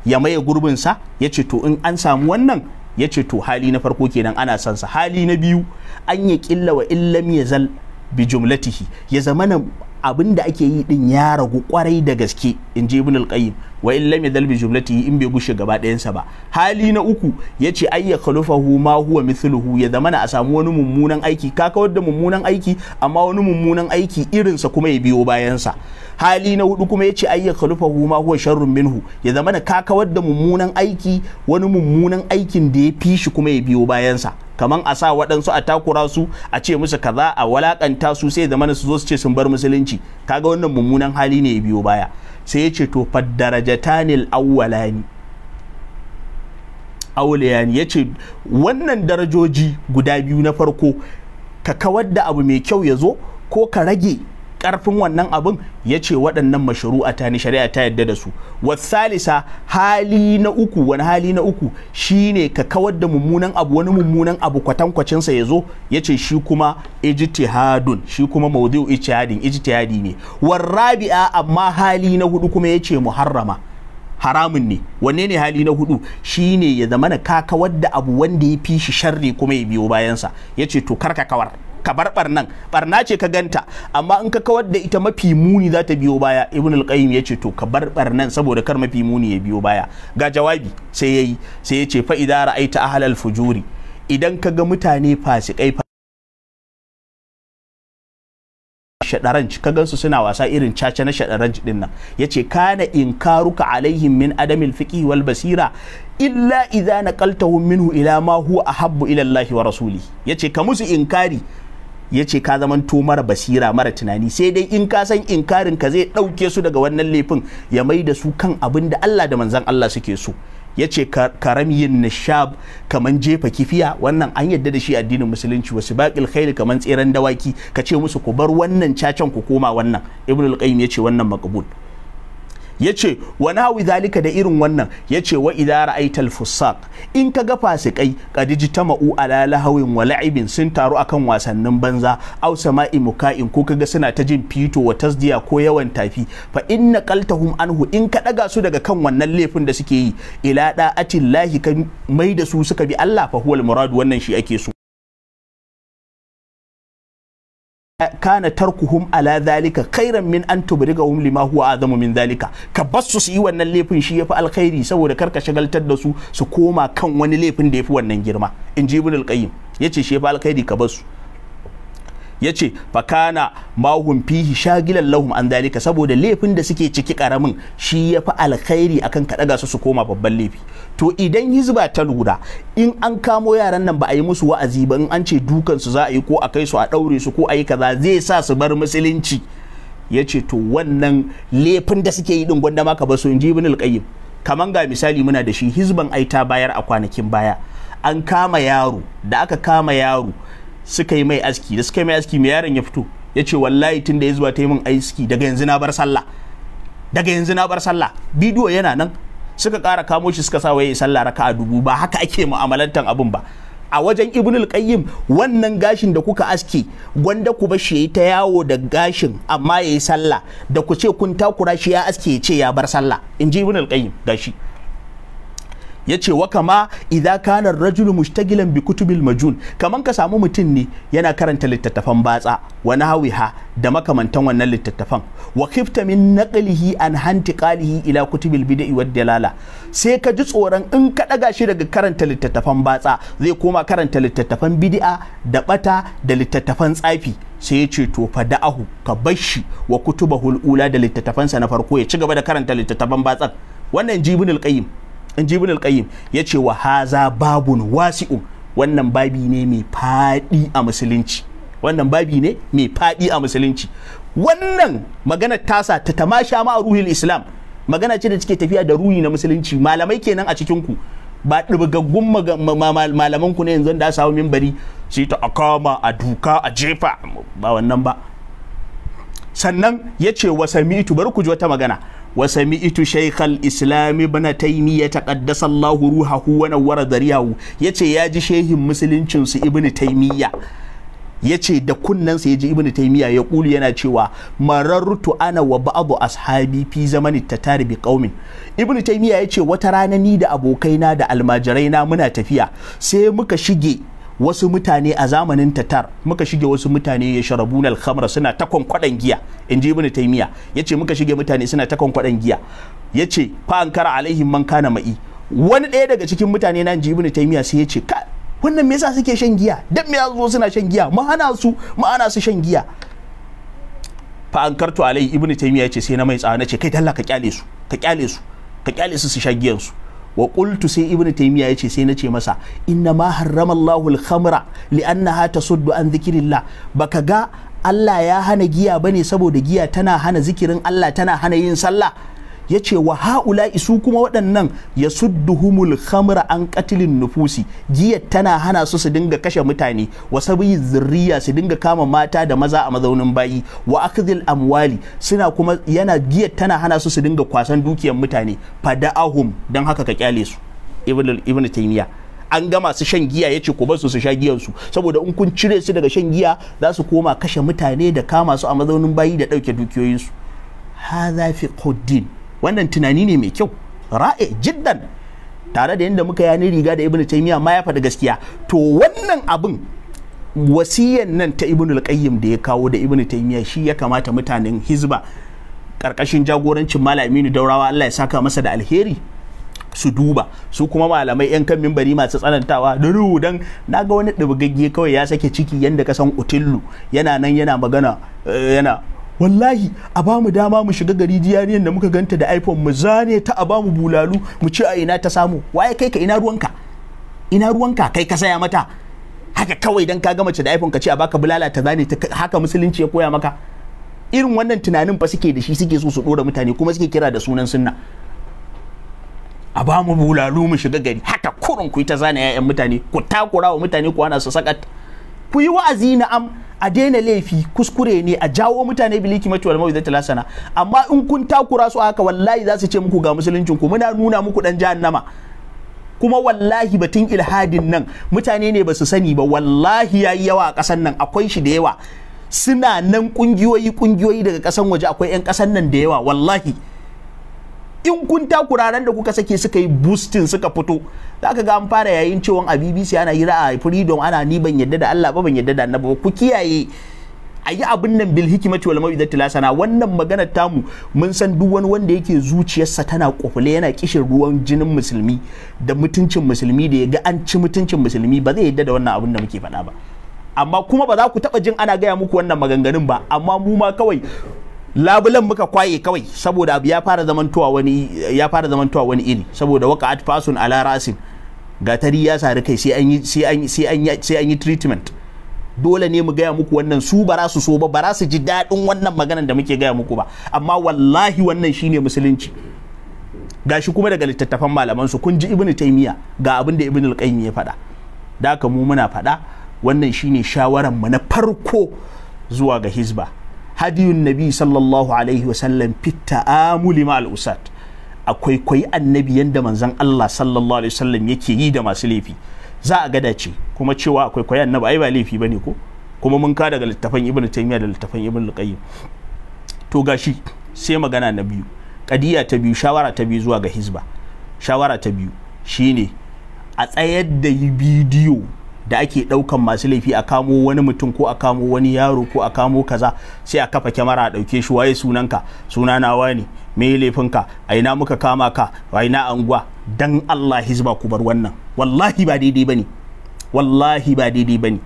ya maye gurbinsa ya ce to in an samu wannan ya ce to hali na farko kenan ana son sa hali na biyu an yi killa wa illam ya zal bi jumlatihi ya zamana abin da ake yi din ya ragu kwarai da gaske in ji ibn al-qayyim wa illam ya zal bi jumlatihi in bai gushe gaba ɗayansa ba hali na uku ya ce ayya khalufahu ma huwa mithluhu ya zamana a samu wani mummunan aiki ka kawar da mummunan aiki amma wani mummunan aiki irinsa kuma ya biyo bayansa hali na hudu kuma yace ayya khalufahu huma huwa sharrun minhu ya zama na kakawar da mummunan aiki wani mummunan aikin da ya fi shi kuma ya biyo bayansa kaman a sa waɗansu a takura su a ce musu kaza a walakanta su sai zamana su zo su ce sun bar musulunci kaga wannan mummunan hali ne ya biyo baya sai ya ce to faddarajatanil awwalani auliyani ya ce wannan darajoji guda biyu na farko ka kawar da abu mai kyau ya zo ko ka rage karfin wannan abin ya ce waɗannan mashuru ni shari'a ta yadda da su wasalisa hali na uku wani hali na uku shine ka kawar da mummunan abu wani mummunan abu kwatankwacinsa ya zo. ya ce shi kuma ijtihadun shi kuma mawdu'u ijtihadin ijtihadi ne warrabi'a amma hali na hudu kuma ya ce muharrama haramun ne wanne ne hali na hudu shine ya zamana ka kawar da abu wanda ya fi shi sharri kuma ya biyo bayansa ya ce to karka kawar ka bar barnan barna ce ka ganta amma in ka kawar da ita mafi muni za ta biyo baya ibn al-qayyim ya ce to ka bar barnan saboda kar mafi muni ya biyo baya ga jawabi sai yayi sai yace ce fa idza ra'aita ahlal fujuri idan ka ga mutane fasikai shadaranci ka gansu suna wasa irin caca na shadaranci din nan yace kana inkaruka alaihim min adamil fiqhi wal basira illa idza naqaltahum minhu ila ma huwa ahabbu ila allahi wa rasuli yace ka musu inkari ya ce ka zaman to mara basira mara tunani sai dai in ka san inkarin ka zai ɗauke su daga wannan laifin ya mai da su kan abin da Allah da manzan Allah suke so ya ce yin nishab kaman jefa kifiya wannan an yadda da shi addinin musulunci wasu baƙil khairi kamar tseren dawaki ka ce musu ku bar wannan cacan ku koma wannan ibnul qayyim ya ce wannan maqbul yace wa hawi zalika da irin wannan yace wa idara aital fusaq in ka ga fasikai ta ma'u ala lahawin wa la'ibin sun taru akan wasannin banza au sama'i muka'in ko kaga suna ta jin fito wa tasdiya ko yawan tafi fa inna qaltahum anhu in ka daga su daga kan wannan laifin da suke yi ila da'atillahi ka mai da su suka bi Allah fa huwal wannan shi ake so kana tarkuhum ala zalika khairan min an tubrigahum lima huwa azamu min zalika ka basu su yi wannan laifin shi yafi alkhairi saboda kar ka shagaltar da su su koma kan wani laifin da yafi wannan girma in ji ibn al-qayyim yace shi yafi alkhairi ka basu ya ce fakana mahun fihi shagilan lahum an dalika saboda laifin da suke ciki karamin shi ya fi alkhairi akan ka daga su su koma babban laifi to idan hizba ta lura in an kamo yaran nan ba a yi musu wa'azi ba in an ce dukan su za a yi ko a kai su a daure su ko a yi kaza zai sa su bar musulunci ya ce to wannan laifin da suke yi din gwanda maka ba su in ji ibn kaman ga misali muna da shi hizban aita bayar a kwanakin baya an kama yaro da aka kama yaro suka yi mai aski da suka yi mai aski mai yaron ya fito ya ce wallahi tun da ya zuwa ta yi min aski daga yanzu na bar sallah daga yanzu na bar sallah bidiyo yana nan suka kara kamo shi suka sa waye sallah raka a dubu ba haka ake mu'amalantar abin ba a wajen ibnul qayyim wannan gashin da kuka aski gwanda ku bashi yayi ta yawo da gashin amma yayi sallah da ku ce kun takura shi ya aske ya ce ya bar sallah inji ibnul qayyim gashi yace wa kama idan kana rajulu mushtagilan bi kutubil majun kaman ka samu mutum ne yana karanta littattafan batsa hawi ha da makamantan wannan littattafan wa khifta min naqlihi an hanti qalihi ila kutubil bid'i wad dalala sai ka ji tsoron in ka daga shi daga karanta littattafan batsa zai koma karanta littattafan bid'a da bata da littattafan tsafi sai ya ce to fa da'ahu ka bashi wa kutubahul ula da littattafansa na farko ya ci gaba da karanta littattafan batsa wannan jibinul qayyim in ji ibn al-qayyim yace wa haza babun wasi'un wannan babi ne mai fadi a musulunci wannan babi ne mai fadi a musulunci wannan magana tasa ta tamasha ma a ruhin islam magana ce da take tafiya da ruhi na musulunci malamai kenan a cikin ku ba ɗibgaggun malaman ku ne yanzu da samu mimbari sai ta akama a duka a jefa ba wannan ba sannan yace ce wa samitu bari ku ji wata magana وسمعت شيخ الإسلام ابن تيمية تقدس الله روحه ونور ذريعه يتي ياجي شيخ مسلم ابن تيمية ya da kunnensa ya ji ibnu taimiya ya kulu yana cewa marartu ana wa ba'adu ashabi fi zamanin tatari bi qaumin ibnu taimiya ya ce wata rana ni da abokaina da na muna tafiya sai muka shige wasu mutane a zamanin tatar muka shige wasu mutane ya sharabun alhamra suna ta kwankwadan giya in ji taimiya ya yace muka shige mutane suna ta kwankwadan giya yace fa kara alaihim man kana ma'i wani ɗaya daga cikin mutane na ji ibnu taimiya sai yace ka wannan me yasa suke shan giya dan me yazo suna shan giya mu hana su mu hana su shan giya fa ankartu alaihi taimiya ya yace sai na mai tsawa ce kai dalla ka kyale su ka kyale su ka kyale su su sha giyan su wa qultu sai ibnu taymiya yace sai nace masa inna ma harrama Allahu al-khamra li'annaha tasuddu an dhikrillah baka ga Allah ya hana giya bane saboda giya tana hana zikirin Allah tana hana yin sallah ya ce wa ha'ula isu kuma waɗannan ya humul khamra an katilin nufusi jiya tana hana su su dinga kashe mutane wa sabi zirriya su dinga kama mata da maza a mazaunin bayi wa akhdhil amwali suna kuma yana giyar tana hana su su dinga kwasan dukiyar mutane fada'ahum dan haka ka kyale su ibn an ga masu shan giya ya ce ku su su sha giyansu saboda in kun cire su daga shan giya za su koma kashe mutane da kama su a mazaunin bayi da ɗauke dukiyoyinsu za fi kuddin wannan tunani ne mai kyau ra'e jiddan tare da yadda muka yanar riga da ibnu taimiya ma ya faɗi gaskiya to wannan abin wasiyan nan ta ibnu alqayyim da ya kawo da ibnu taimiya shi ya kamata mutanen hizba karkashin jagorancin malaminu daurawa Allah ya saka masa da alheri su duba su kuma malamai yan kan mimbari masu tsanantawa da dan na ga wani ɗibigagge kawai ya sake ciki yadda kasan utillu yana nan yana magana eh, yana wallahi a ba mu dama mu shiga gari jiyaniyar da muka ganta da iphone mu zane ta a ba mu bulalu mu ce a ina ta samu waye kai ka ina ruwanka ina ruwanka kai ka saya mata haka kawai dan ka gama ce da iphone ka ce a baka bulala ta zane ta haka musulunci ya koya maka irin wannan tunanin fa suke da shi suke so su dora mutane kuma suke kira da sunan sunna a ba mu bulalu mu shiga gari haka kurun ku ta zane 'ya'yan mutane ku takura wa mutane ku ana su sakata ku yi wa'azi na am a daina laifi kuskure ne a jawo mutane biliki mace walmawi zai lasana amma in kun takura su haka wallahi za su ce muku ga musuluncin ku muna nuna muku dan jahannama kuma wallahi batun ilhadin nan mutane ne ba su sani ba wallahi ya yi yawa a kasan nan akwai shi da yawa suna nan ƙungiyoyi ƙungiyoyi daga ƙasan waje akwai 'yan ƙasan nan da yawa wallahi in kun takura ran da kuka sake suka yi boosting suka fito za ka ga an fara yayin cewa a BBC ana yi ra'a freedom ana ni ban yadda da Allah ba ban yadda da annabi ku kiyaye a yi abin nan bil hikimati wal mau'izati lasana wannan magana tamu mun san duk wani wanda yake zuciyarsa tana kofule yana kishin ruwan jinin musulmi da mutuncin musulmi da ya ga an ci mutuncin musulmi ba zai yadda da wannan abin da muke faɗa ba amma kuma ba za ku taɓa jin ana gaya muku wannan maganganun ba amma mu ma kawai labulan muka kwaye kawai saboda abu ya fara zamantowa wani ya fara zamantowa wani iri saboda at person ala rasin ga tari ya sari kai sai an yi sai an sai an sai an yi treatment dole ne mu gaya muku wannan su ba su so ba ba su ji daɗin wannan maganan da muke gaya muku ba amma wallahi wannan shine musulunci gashi kuma daga littattafan malaman su kun ji ibnu taymiya ga abin da ibnu al ya faɗa da haka mu muna faɗa wannan shine shawaran mu na farko zuwa ga hizba hadiyun nabi sallallahu alaihi wasallam fi ta'amuli ma usat akwai kwai annabi yanda manzon Allah sallallahu alaihi wasallam yake yi da masu laifi za a gada ce kuma cewa akwai kwai annabi ai ba laifi bane ko kuma mun ka daga littafan ibn taymiya da littafan ibn qayyim to gashi sai magana na biyu kadiya ta biyu shawara ta biyu zuwa ga hizba shawara ta biyu shine a tsayar da bidiyo da ake daukan masu laifi a kamo wani mutum ko a kamo wani yaro ko a kamo kaza sai a kafa kyamara a dauke shi waye sunanka suna na wani me laifinka a ina muka kama ka a ina anguwa dan Allah hizba ku bar wannan wallahi ba daidai bane wallahi ba daidai bane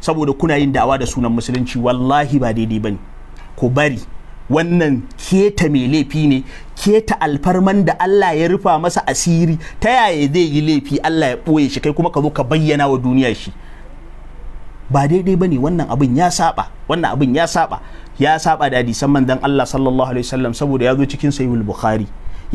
saboda kuna yin da'awa da sunan musulunci wallahi ba daidai bane ku bari wannan keta mai laifi ne keta alfarman da Allah ya rufa masa asiri ta yaya zai yi laifi Allah ya ɓoye shi kai kuma ka zo ka bayyana wa duniya shi ba daidai bane wannan abin ya saba wannan abin ya saba ya saba da hadisan manzon Allah sallallahu alaihi wasallam saboda ya zo cikin sahihul bukhari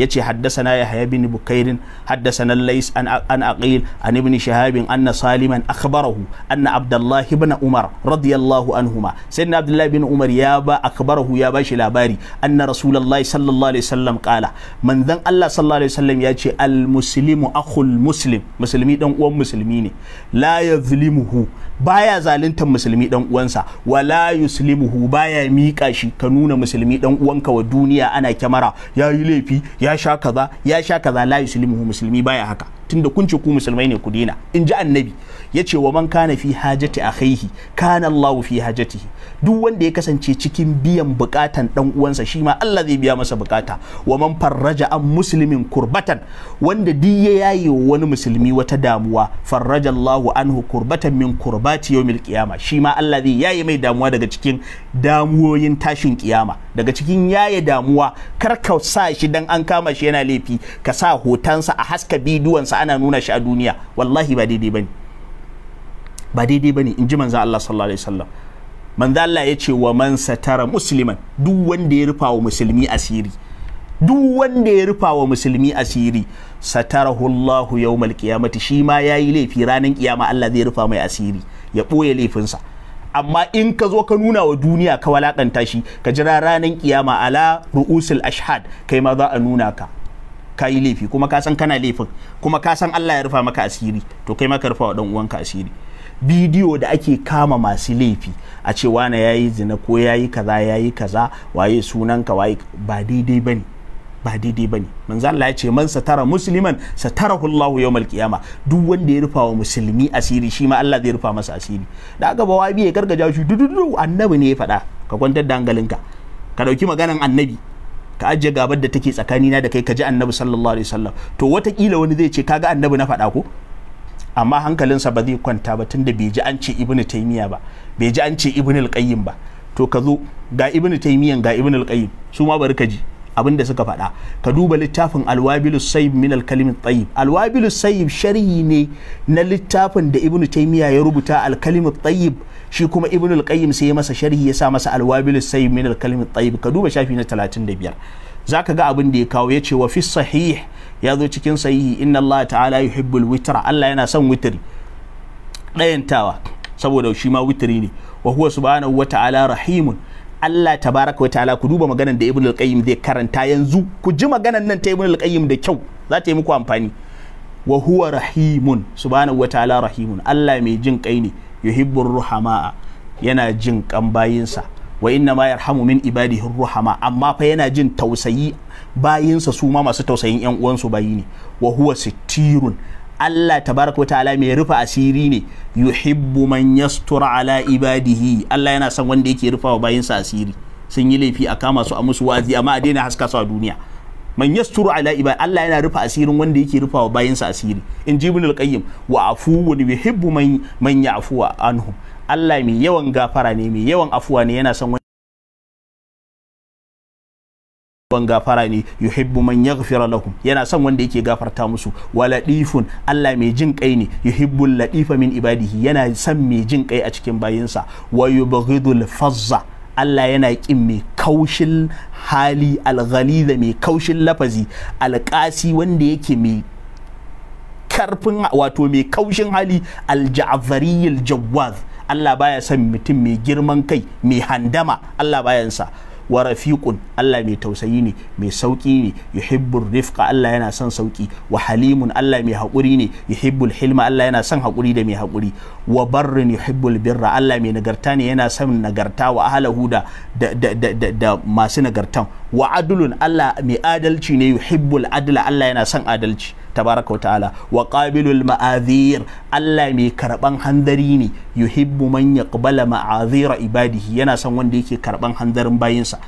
yace haddasana yahya bin bukairin haddasana lais an an aqil an ibn shihab anna saliman akhbarahu anna abdullah ibn umar radiyallahu anhuma sayyidina abdullah ibn umar ya ba akhbarahu ya bashi labari anna rasulullahi sallallahu alaihi wasallam qala manzon allah ya ce al muslimu akhul muslim musulmi dan uwan musulmi ne la yazlimuhu baya zaluntar musulmi dan uwansa wala yuslimuhu baya miƙa shi ka nuna musulmi dan uwanka wa duniya ana kyamara ya yi laifi ya sha kaza ya sha kaza la yuslimuhu musulmi baya haka tunda kun ce ku musulmai ne ku dina in ji annabi ya ce wa man kana fi hajati akhihi kana Allah fi hajatihi duk wanda ya kasance cikin biyan bukatan dan uwansa shi ma Allah zai biya masa bukata wa man farraja an musulmin kurbatan wanda duk ya yaye wani musulmi wata damuwa farraja Allahu anhu kurbatan min kurbati yawmil qiyama shi ma Allah zai yayi mai damuwa daga cikin damuwoyin tashin kiyama daga cikin yaye damuwa kar ka sa shi dan an kama shi yana laifi ka sa hotonsa a haska bidiyonsa ana nuna shi a duniya wallahi ba daidai bane ba daidai bane in ji manzo Allah sallallahu alaihi wasallam manzo Allah ya ce wa man satara musliman duk wanda ya rufa wa musulmi asiri duk wanda ya rufa wa musulmi asiri satarahu Allahu yawmal qiyamati shi ma yayi laifi ranar kiyama Allah zai rufa mai asiri ya boye laifinsa amma in ka zo ka nuna wa duniya ka walakanta shi ka jira ranar kiyama ala ru'usul ashhad kai ma za a nuna ka ka yi laifi kuma ka san kana laifin kuma ka san Allah ya rufa maka asiri to kai ma ka rufa wa dan uwanka asiri bidiyo da ake kama masu laifi a ce wane ya yi zina ko ya yi kaza ya yi kaza waye sunanka waye ba daidai bane ne ba daidai ba manzo Allah ya ce man satara musliman satarahu Allahu yawmal qiyama duk wanda ya rufa wa musulmi asiri shi ma Allah zai rufa masa asiri da aka ba wabi ya gargaja shi dududu annabi ne ya faɗa ka kwantar da hankalinka ka dauki maganan annabi ka ajiye gabar da take tsakanina da kai ka ji annabi sallallahu alaihi wasallam to watakila wani zai ce kaga annabi na faɗa ko amma hankalinsa ba zai kwanta ba tunda bai ji an ce ibnu taymiya ba bai ji an ce ibnu alqayyim ba to ka zo ga ibnu taymiyan ga ibnu alqayyim su ma bari ka ji abin da suka faɗa ka duba littafin alwabilu sayyib min alkalimin tayyib alwabilu sayyib sharhi ne na littafin da ibnu taymiya ya rubuta alkalimin tayyib shi kuma ibnu alqayyim sai ya masa sharhi ya sa masa alwabilu sayyib min alkalimin tayyib ka duba shafi na 35 zaka ga abin da ya kawo ya ce wa fi sahih ya zo cikin sahihi inna Allah ta'ala yuhibbul witra Allah yana son witri ɗayantawa saboda shi ma witri ne wa huwa subhanahu wa ta'ala rahimun Allah tabaraka wa ta'ala ku duba maganan da Ibn al-Qayyim zai karanta yanzu ku ji maganan nan ta Ibn al-Qayyim da kyau za ta yi muku amfani wa huwa rahimun subhanahu wa ta'ala rahimun Allah mai jin kai ne yuhibbur ruhama'a yana jin kan bayinsa wa inna ma yarhamu min ibadihi ruhama amma fa yana jin tausayi bayinsa su ma masu tausayin yan uwansu bayi ne wa huwa sittirun Allah tabaraka ta'ala mai rufa asiri ne yuhibbu man yastura ala ibadihi Allah yana son wanda yake rufa wa bayinsa asiri sun yi laifi a kama su a musu wa'azi amma a daina haska su a duniya man yasturu ala ibadi Allah yana rufa asirin wanda yake rufa wa bayinsa asiri in ji ibn al-qayyim wa afuwun yuhibbu man man ya'fuwa anhu Allah mai yawan gafara ne mai yawan afuwa ne yana son ban gafara ne yuhibbu man yaghfira lahum yana son wanda yake gafarta musu wa latifun Allah mai jin kai ne yuhibbu ladifa min ibadihi yana son mai jin kai a cikin bayinsa wa yubghidul fazza Allah yana ƙin mai kaushin hali alghaliza mai kaushin lafazi alƙasi wanda yake mai karfin wato mai kaushin hali alja'fariyil jawwaz Allah baya son mutum mai girman kai mai handama Allah bayansa wa rafiqun Allah mai tausayi ne mai sauki ne yuhibbur rifqa Allah yana son sauki wa halimun Allah mai haƙuri ne yuhibbul hilma Allah yana son haƙuri da mai haƙuri wa barrin yuhibbul birra Allah mai nagarta ne yana son nagarta wa ahlahu da da masu nagartan wa adulun Allah mai adalci ne yuhibbul adla Allah yana son adalci tabaraka ta'ala wa qabilul ma'azir Allah mai karban handari ne yuhibbu man yaqbala ma'azira ibadihi yana son wanda yake karban handarin bayinsa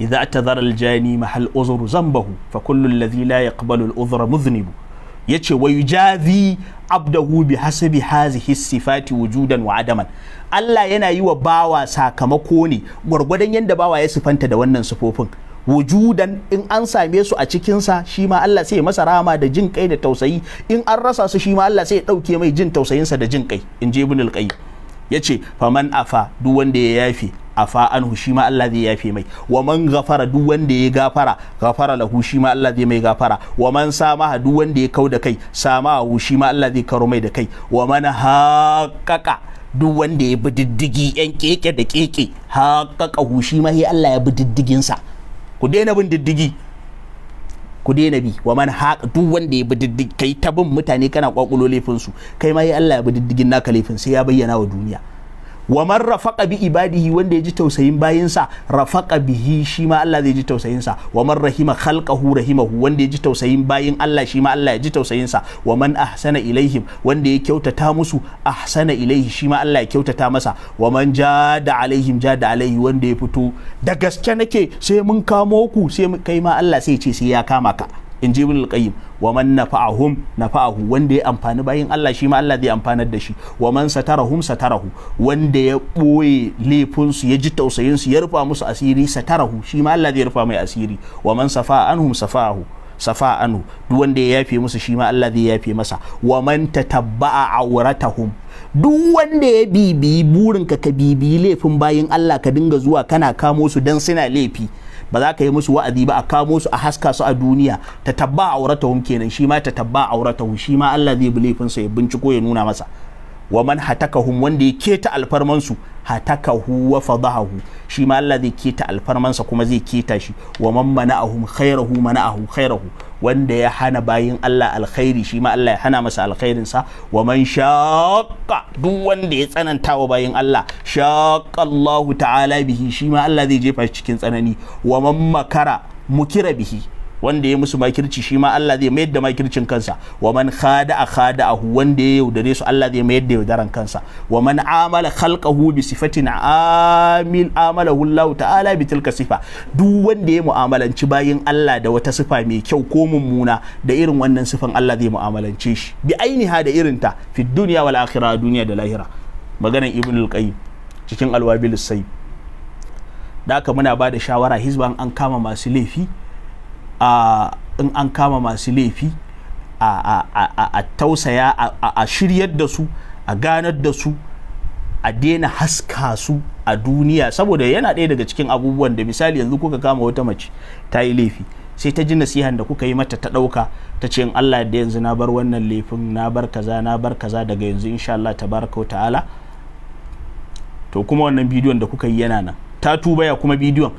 idza atadhara al mahal uzru zambahu fa kullu alladhi la yaqbalu al-uzra mudhnibu ya ce wa yujazi abdahu bi hasabi hazihi sifati wujudan wa adaman Allah yana yi wa bawa sakamako ne gwargwadon yadda bawa ya sifanta da wannan sifofin wujudan in an same su a cikinsa shi ma Allah sai masa rama da jin kai da tausayi in an rasa su shi ma Allah sai ya dauke mai jin tausayinsa da jin kai in je ibn al ya ce faman afa duk wanda ya yafi afa anhu shi ma Allah zai yafe mai wa man gafara duk wanda ya gafara gafara lahu shi ma Allah zai mai gafara wa man samaha duk wanda ya kau da kai samaha shi ma Allah zai karo mai da kai wa man haqqaqa duk wanda ya bi diddigi yan keke da keke haqqaqa hushi shi ma Allah ya bi diddigin sa ku daina bin diddigi ku daina bi wa man haq duk wanda ya bi diddigi kai ta bin mutane kana kwakulo laifin su kai ma ya Allah ya bi diddigin naka laifin sai ya bayyana wa duniya wa man rafaqa bi ibadihi wanda ya ji tausayin bayinsa rafaqa bihi shi ma Allah zai ji tausayin sa wa man rahima khalqahu rahimahu wanda ya ji tausayin bayin Allah shi ma Allah ya ji tausayin sa wa man ahsana ilaihim wanda ya kyautata musu ahsana ilaihi shi ma Allah ya kyautata masa wa man jada alaihim jada alaihi wanda ya fito da gaske nake sai mun kamo ku sai kai ma Allah sai ya ce sai ya kama ka in ji ibn qayyim wa man nafa'ahum nafa'ahu wanda ya amfani bayin Allah shi ma Allah zai amfanar da shi wa man satarahum satarahu wanda ya boye laifin su ya ji tausayin su ya rufa musu asiri satarahu shi ma Allah zai rufa mai asiri wa man safa anhum safa'ahu safa anu duk wanda ya yafe musu shi ma Allah zai yafe masa wa man tatabba'a awratahum duk wanda ya bibi burinka ka bibi laifin bayin Allah ka dinga zuwa kana kamo su dan suna laifi ba za ka yi musu wa'azi ba a kamo su a haska su a duniya ta tabba auratahum kenan shi ma ta tabba hun shi ma Allah zai bi laifinsa ya binciko ya nuna masa wa man hatakahum wanda ya keta su. hatakahu wa fadahahu shi ma Allah zai keta alfarmansa kuma zai keta shi wa man mana'ahum khairahu mana'ahu khairahu wanda ya hana bayin Allah alkhairi shi ma Allah ya hana masa sa wa man shaqqa duk wanda ya tsananta wa bayin Allah shaqqa Allahu ta'ala bihi shi ma Allah zai jefa shi cikin tsanani wa man makara mukira bihi wanda ya musu makirci shi ma Allah zai mayar da makircin kansa wa man khada a khada a wanda ya yaudare su Allah zai mayar da yaudaran kansa wa man amala khalqahu bi sifatin amil amalahu Allah ta'ala bi tilka sifa duk wanda ya mu'amalanci bayin Allah da wata sifa mai kyau ko mummuna da irin wannan sifan Allah zai mu'amalance shi bi ainiha da irin ta fi dunya wal akhirah duniya da lahira maganar ibnul al-qayyim cikin alwabil sayyid da muna ba da shawara hizban an kama masu laifi in an kama masu laifi a tausaya a shiryar da su a ganar da su a daina haska su a duniya saboda yana ɗaya daga cikin abubuwan da misali yanzu kuka kama wata mace ta yi laifi sai ta ji nasihan da kuka yi mata ta ɗauka ta ce in Allah da yanzu na bar wannan laifin na bar kaza na bar kaza daga yanzu insha Allah tabaraka ta'ala to kuma wannan bidiyon da kuka yi yana nan ta tuba ya kuma bidiyon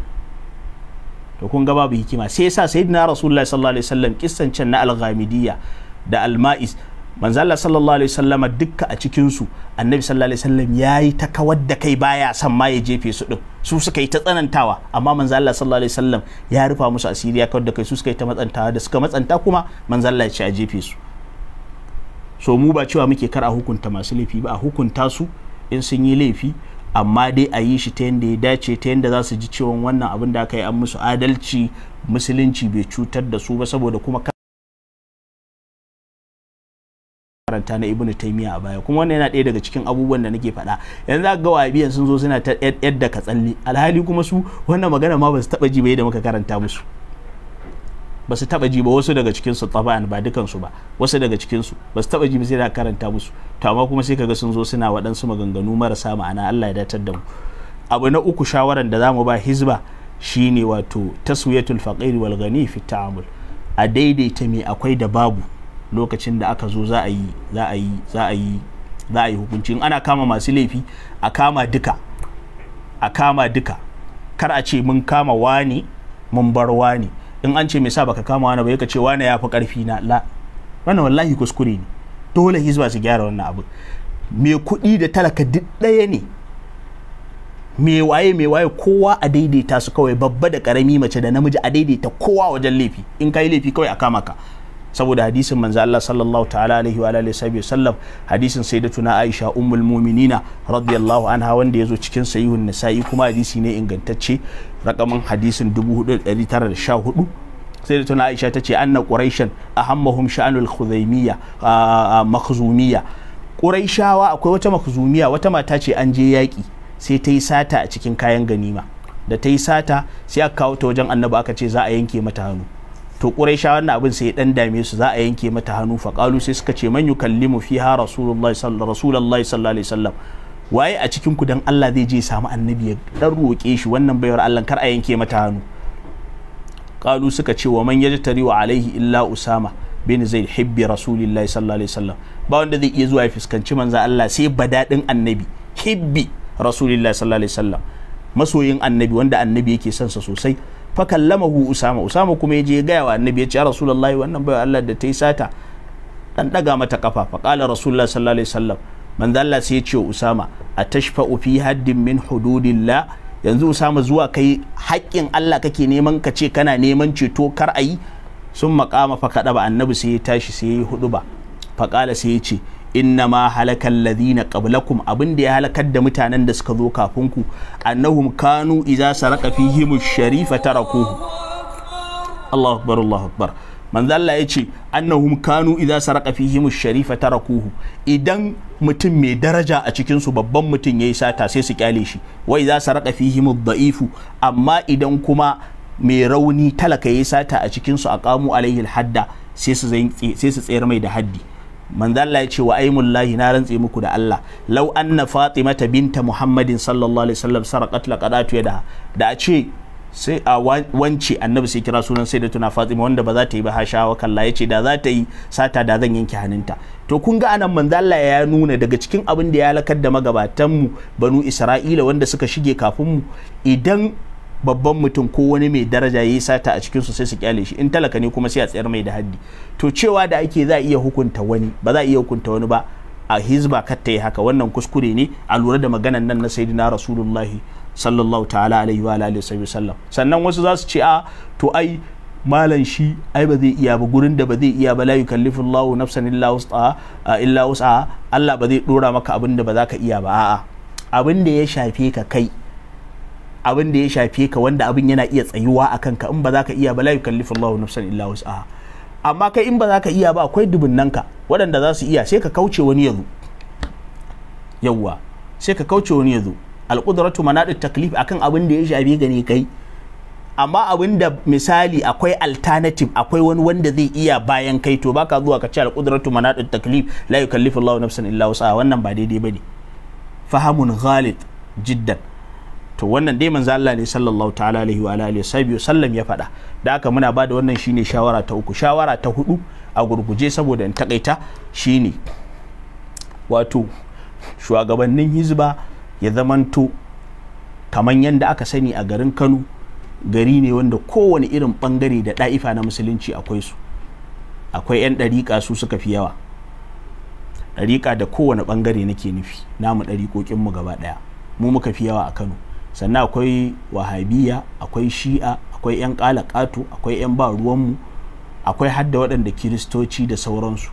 to kun ga babu hikima sai yasa sayyidina rasulullah sallallahu alaihi wasallam kissan can na al-ghamidiyya da al-ma'is manzo Allah sallallahu alaihi wasallam dukka a cikin su annabi sallallahu alaihi wasallam yayi ta kawar da kai baya san ma ya jefe su din su suka yi ta tsanantawa amma manzo Allah sallallahu alaihi wasallam ya rufa musu asiri kawar da kai su suka yi ta matsantawa da suka matsanta kuma manzo Allah ya ce a jefe su so mu ba cewa muke kar a hukunta masu laifi ba a hukunta su in sun yi laifi amma dai a yi shi ta yadda ya dace ta yadda za su ji cewan wannan abin da aka yi an musu adalci musulunci bai cutar da su ba saboda kuma karanta na ibnu taymiya a baya kuma wannan yana ɗaya daga cikin abubuwan da nake faɗa yanzu za ga wahabiyan sun zo suna ta yadda ka tsalle alhali kuma su wannan magana ma ba su taɓa ji ba yadda muka karanta musu ba su taɓa ji ba wasu daga cikinsu taba'an ba dukansu ba wasu daga cikinsu ba su taɓa ji ba sai da karanta musu to amma kuma sai kaga sun zo suna waɗansu maganganu marasa ma'ana Allah ya datar da mu abu na uku shawaran da zamu ba hizba shine wato taswiyatul faqir wal ghani fi ta'amul a daidaita me akwai da babu lokacin da aka zo za a yi za a yi za a yi za a yi hukunci in ana kama masu laifi a kama duka a kama duka kar a ce mun kama wani mun bar wani in an ce me sa baka kama wani ba ka ce wani ya fi karfi na la wannan wallahi kuskure ne dole hizba su gyara wannan abu me kuɗi da talaka duk ɗaya ne me waye me waye kowa a daidaita su kawai babba da karami mace da namiji a daidaita kowa wajen laifi in kai laifi kawai a kama ka saboda hadisin manzo Allah sallallahu ta'ala alaihi wa alihi sallam hadisin sayyidatuna Aisha ummul mu'minina radiyallahu anha wanda yazo cikin sahihun nisa'i kuma hadisi ne ingantacce rakamin hadisin 4914 sai da tuna aisha ta ce anna quraishan ahammahum sha'anul khuzaimiyya makhzumiyya quraishawa akwai wata makhzumiyya wata mata ce an je yaƙi sai ta yi sata a cikin kayan ganima da ta yi sata sai aka kawo ta wajen annabi aka ce za a yanke mata hannu to quraishawa na abin sai dan dame su za a yanke mata hannu fa qalu sai suka ce man yukallimu fiha rasulullahi sallallahu alaihi wasallam waye a cikin ku dan Allah zai je samu annabi ya dan roke shi wannan bayar Allah kar a yanke mata hannu kalu suka ce wa man yajtari wa alaihi illa usama bin zaid hibbi rasulillahi sallallahu alaihi wasallam ba wanda zai iya zuwa ya fuskanci manzo Allah sai badadin annabi hibbi rasulillahi sallallahu alaihi wasallam masoyin annabi wanda annabi yake son sa sosai fa kallamahu usama usama kuma yaje ya gaya wa annabi ya ce ya rasulullahi wannan bai Allah da ta yi sata dan daga mata kafa fa kala rasulullahi sallallahu alaihi wasallam manzo Allah sai ya ce usama atashfa fi haddin min hududillah yanzu usama zuwa kai haƙƙin Allah kake neman ka ce kana neman ceto kar a yi sun maƙama fa ba annabi sai ya tashi sai ya yi hudu ba faƙala sai ya ce inna ma halakal ladina qablakum abin da ya halakar da mutanen da suka zo kafin ku annahum kanu iza saraka fihim sharifa tarakuhu Allahu akbar Allahu akbar manzo Allah ya ce annahum kanu idza saraka fihim sharifa tarakuhu idan mutum mai daraja a cikin su babban mutum yayi sata sai su kyale shi wai idza saraka fihim da'ifu amma idan kuma mai rauni talaka yayi sata a cikin su aqamu alaihi hadda sai su sai su tsayar mai da haddi manzo Allah ya ce wa aimullahi na rantse muku da Allah law anna fatimata binta muhammadin sallallahu alaihi wasallam sarqat laqadatu da a ce sai a wance annabi sai kira sunan sai da tuna fatima wanda ba za ta yi ba hasha wa kalla ya ce da za ta yi sata da zan yanke hannunta to kun ga anan manzo Allah ya nuna daga cikin abin da ya lakar da magabatan mu banu Isra'ila wanda suka shige kafin mu idan babban mutum ko wani mai daraja ya yi sata a su sai su kyale shi in talaka ne kuma sai a tsayar mai da haddi to cewa da ake za a iya hukunta wani ba za iya hukunta wani ba a hizba katta yi haka wannan kuskure ne a lura da maganan nan na sayyidina rasulullahi sallallahu ta'ala alaihi wa alihi sallam sannan wasu za su ce a to ai malan shi ai ba zai iya ba gurin da ba zai iya ba la Allahu nafsan illa wus'a illa wus'a Allah ba zai dora maka abin da ba za ka iya ba a'a abin da ya shafe ka kai abin da ya shafe ka wanda abin yana iya tsayuwa a kanka in ba za ka iya ba la Allahu nafsan illa wus'a amma kai in ba za ka iya ba akwai ka waɗanda za su iya sai ka kauce wani yazo yawwa sai ka kauce wani yazo alƙudratu manaɗin taklif akan abin da ya shafi ne kai amma abin da misali akwai alternative akwai wani wanda zai iya bayan kai to baka zuwa ka ce alƙudratu manaɗin taklif la yukallifu Allahu nafsan illa wus'aha wannan ba daidai bane fahamun ghalid jiddan to wannan dai manzo Allah ne sallallahu ta'ala alaihi wa alihi sallam ya faɗa da haka muna bada wannan shine shawara ta uku shawara ta hudu a gurguje saboda in takaita shine wato shugabannin hizba ya zamanto kamar yadda aka sani a garin kano gari ne wanda kowane irin bangare da ɗa'ifa na musulunci akwai su akwai 'yan ɗariƙa su suka fi yawa ɗariƙa da kowane bangare nake nufi namu ɗariƙoƙinmu gaba ɗaya mu muka fi yawa a kano sannan akwai wahabiya akwai shi'a akwai 'yan ƙalaƙato akwai 'yan ba ruwanmu akwai hadda waɗanda kiristoci da sauransu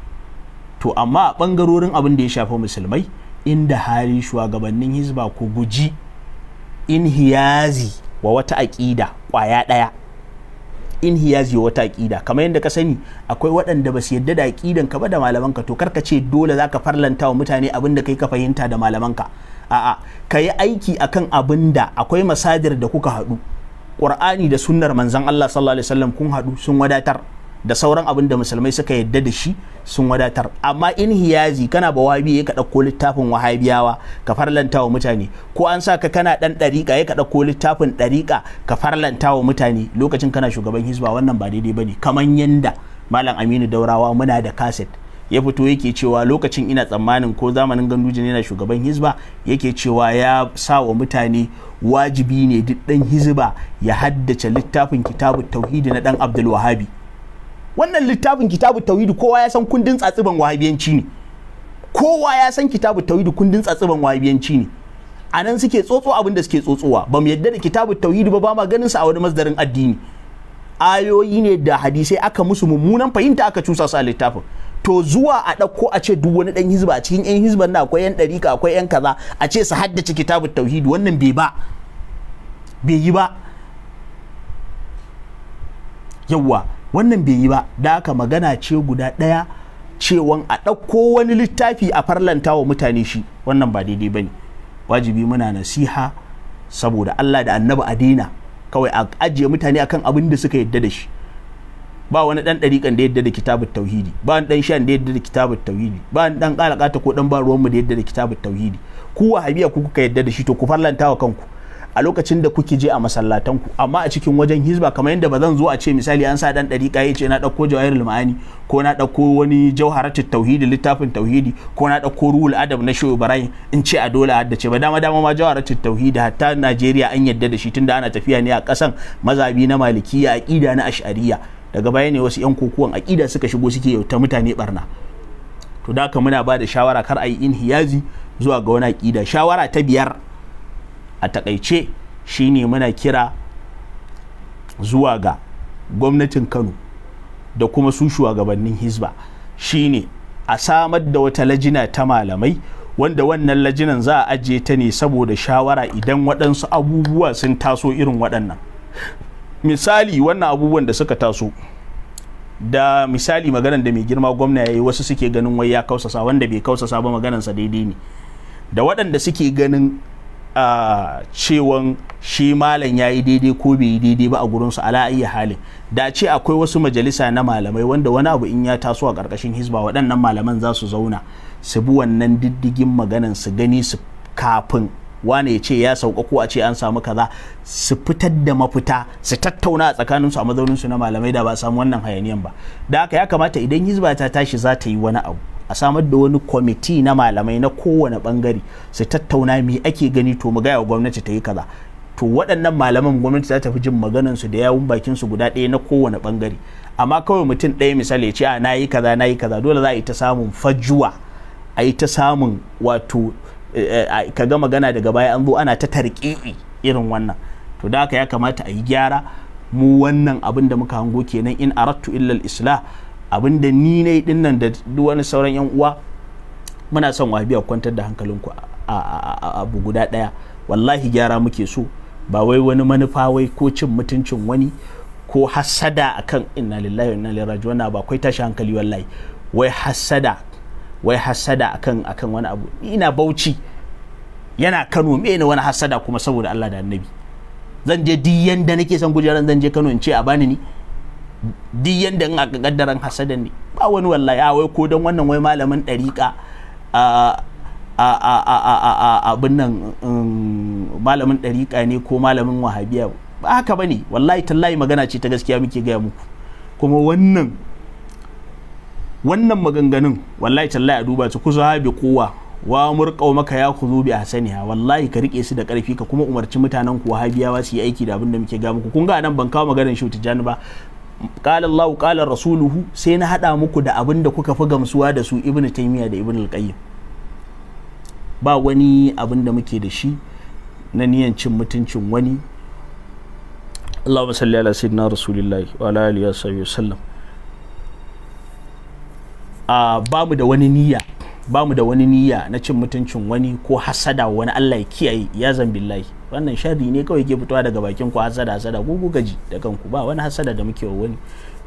to amma a ɓangarorin abin da ya shafi musulmai inda hali shugabannin hizba ku guji inhiyazi wa wata aƙida ƙwaya ɗaya inhiyazi wa wata aƙida kamar yadda ka sani akwai waɗanda ba su yadda da aƙidan ka ba da malamanka to karka ce dole za ka farlanta wa mutane abin da kai ka fahimta da malamanka a'a ka yi aiki akan abin da akwai masadir da kuka haɗu ƙur'ani da sunnar manzon Allah sallallahu alaihi wasallam kun haɗu sun wadatar da sauran abin da musulmai suka yadda da shi sun wadatar amma in hiyazi kana ba ya ka dauko littafin wahabiyawa ka farlanta wa mutane ko an sa ka kana dan dariqa ya ka dauko littafin dariqa ka farlanta wa mutane lokacin kana shugaban hisba wannan ba daidai bane kamar yanda malam aminu daurawa muna da kaset ya fito yake cewa lokacin ina tsammanin ko zamanin ganduje ne na shugaban hizba yake cewa ya sa wa mutane wajibi ne duk dan hisba ya haddace littafin kitabu tauhidi na dan abdul wahabi wannan littafin kitabu tauhidi kowa ya san kundin tsatsiban wahabiyanci ne kowa ya san kitabu kundin tsatsiban wahabiyanci ne a nan suke tsotso abin da suke tsotsowa ba mu yadda da kitabu tauhidi ba ba ma ganin sa a wani masdarin addini ayoyi ne da hadisai aka musu mummunan fahimta aka cusa su a littafin to zuwa a ɗauko a ce duk wani ɗan hizba a cikin yan hizban na akwai yan ɗarika akwai yan kaza a ce su haddace kitabu tauhidi wannan bai ba bai yi ba yawwa wannan bai yi ba da aka magana ce guda ɗaya cewan a ɗauko wani littafi a farlanta wa mutane shi wannan ba daidai ba ne wajibi muna nasiha saboda Allah da annabi a kawai a ajiye mutane akan abin da suka yadda da shi ba wani dan ɗariƙan da yadda da kitabun tauhidi ba wani dan shan da yadda da kitabun tauhidi ba wani dan ƙalaƙata ko dan ba ruwanmu da yadda da kitabun tauhidi ku wahabiya ku kuka yadda da shi to ku farlanta wa kanku a lokacin da kuke je a masallatan ku amma a cikin wajen hizba kamar yadda ba zan zo a ce misali an sa dan ɗari ya ce na ɗauko jawahirul ma'ani ko na ɗauko wani jawharatul tauhidi littafin tauhidi ko na ɗauko ruhul adab na shehu ibrahim in ce a dole hadda ce ba dama dama ma jawharatul tauhidi hatta najeriya an yadda da shi tunda ana tafiya ne a kasan mazabi na malikiya aƙida na ash'ariya daga baya ne wasu yan kokuwan aqida suka shigo suke yauta mutane barna to da haka muna ba da shawara kar a yi inhiyazi zuwa ga wani aƙida shawara ta biyar a takaice shine muna kira zuwa ga gwamnatin kano da kuma su shugabannin hizba shine a samar da wata lajina ta malamai wanda wannan lajinan za a ajiye ta ne saboda shawara idan waɗansu abubuwa sun taso irin waɗannan misali wannan abubuwan da suka taso da misali maganan da mai girma gwamna ya yi wasu suke ganin wai ya kausasa wanda bai kausasa ba maganansa daidai ne da waɗanda suke ganin cewan shi malam ya yi daidai ko bai yi daidai ba a gurinsu ala iya halin da ce akwai wasu majalisa na malamai wanda wani abu in ya taso a ƙarƙashin hisba waɗannan malaman za su zauna su bi wannan diddigin maganan su gani su kafin wane ya ce ya sauka ko a ce an samu kaza su fitar da mafita su tattauna a tsakanin su a mazaunin su na malamai da ba samu wannan hayaniyan ba da haka ya kamata idan hizba ta tashi za ta yi wani abu a samar da wani kwamiti na malamai na kowane bangare su tattauna me ake gani to mu gaya wa gwamnati ta yi kaza to waɗannan malaman gwamnati za ta fi jin maganan su da yawun bakin su guda ɗaya na kowane bangare amma kawai mutum ɗaya misali ya ce a nayi kaza nayi kaza dole za a yi ta samun fajuwa a yi ta samun wato Eh, eh, ka ga magana daga baya an zo ana ta tarƙi'i irin wannan to da haka ya kamata a yi gyara mu wannan abin da muka hango kenan in arattu illal islah abin da ni ne din nan da duk wani sauran yan uwa muna son biya kwantar da hankalinku a abu guda daya wallahi gyara muke so ba wai wani manufa wai ko cin mutuncin wani ko hasada akan inna lillahi wa inna ilaihi raji'un ba kai tashi hankali wallahi wai hasada wai hasada akan akan wani abu ina bauchi yana Kano me ne wani hasada kuma saboda Allah da Annabi zan je di yanda nake son gujaran zan je Kano in ce a bani ni di yanda in aka kaddaran hasadan ne ba wani wallahi a wai ko dan wannan wai malamin dariqa a a a a a a a abin nan um, malamin dariqa ne ko malamin wahabiya ba haka bane wallahi tallahi magana ce ta gaskiya muke gaya muku kuma wannan wannan maganganun wallahi talai a duba su kusa haɓe kowa wa murƙau maka ya ku zubi a saniya wallahi ka rike su da ƙarfi ka kuma umarci mutanen ku wahabiyawa su yi aiki da abin da muke ga ku. kun ga nan ban kawo maganar shi tijani ba qala Allah qala rasuluhu sai na haɗa muku da abin da kuka fi gamsuwa da su ibnu taymiya da ibnu al ba wani abin da muke da shi na niyan cin mutuncin wani Allahumma salli ala sayyidina rasulillahi wa ala alihi wa sallam ba mu da wani niyya ba mu da wani niyya na cin mutuncin wani ko hasada wani Allah ya kiyaye ya zambillahi wannan sharri ne kawai ke fitowa daga bakin ku hasada hasada gugu gaji da kanku ba wani hasada da muke wa wani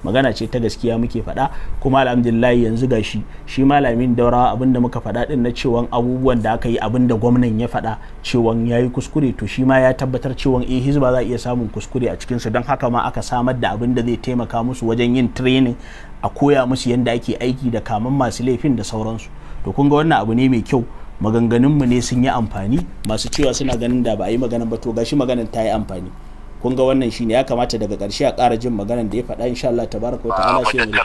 magana ce ta gaskiya muke faɗa kuma alhamdulillah yanzu gashi shi malamin daura abinda muka faɗa din na cewa abubuwan da aka yi abinda gwamnan ya faɗa cewa ya yi kuskure to shi ma ya tabbatar cewa eh hizba za a iya samun kuskure a cikin su don haka ma aka samar da abin da zai taimaka musu wajen yin training a koya musu yadda ake aiki da kaman masu laifin da sauransu to kun ga wannan abu ne mai kyau maganganunmu ne sun yi amfani masu cewa suna ganin da ba a yi magana ba to gashi maganan ta yi amfani kun ga wannan shine ya kamata daga ƙarshe a ƙara jin maganar da ya faɗa insha Allah tabaraka wa ta'ala shi ne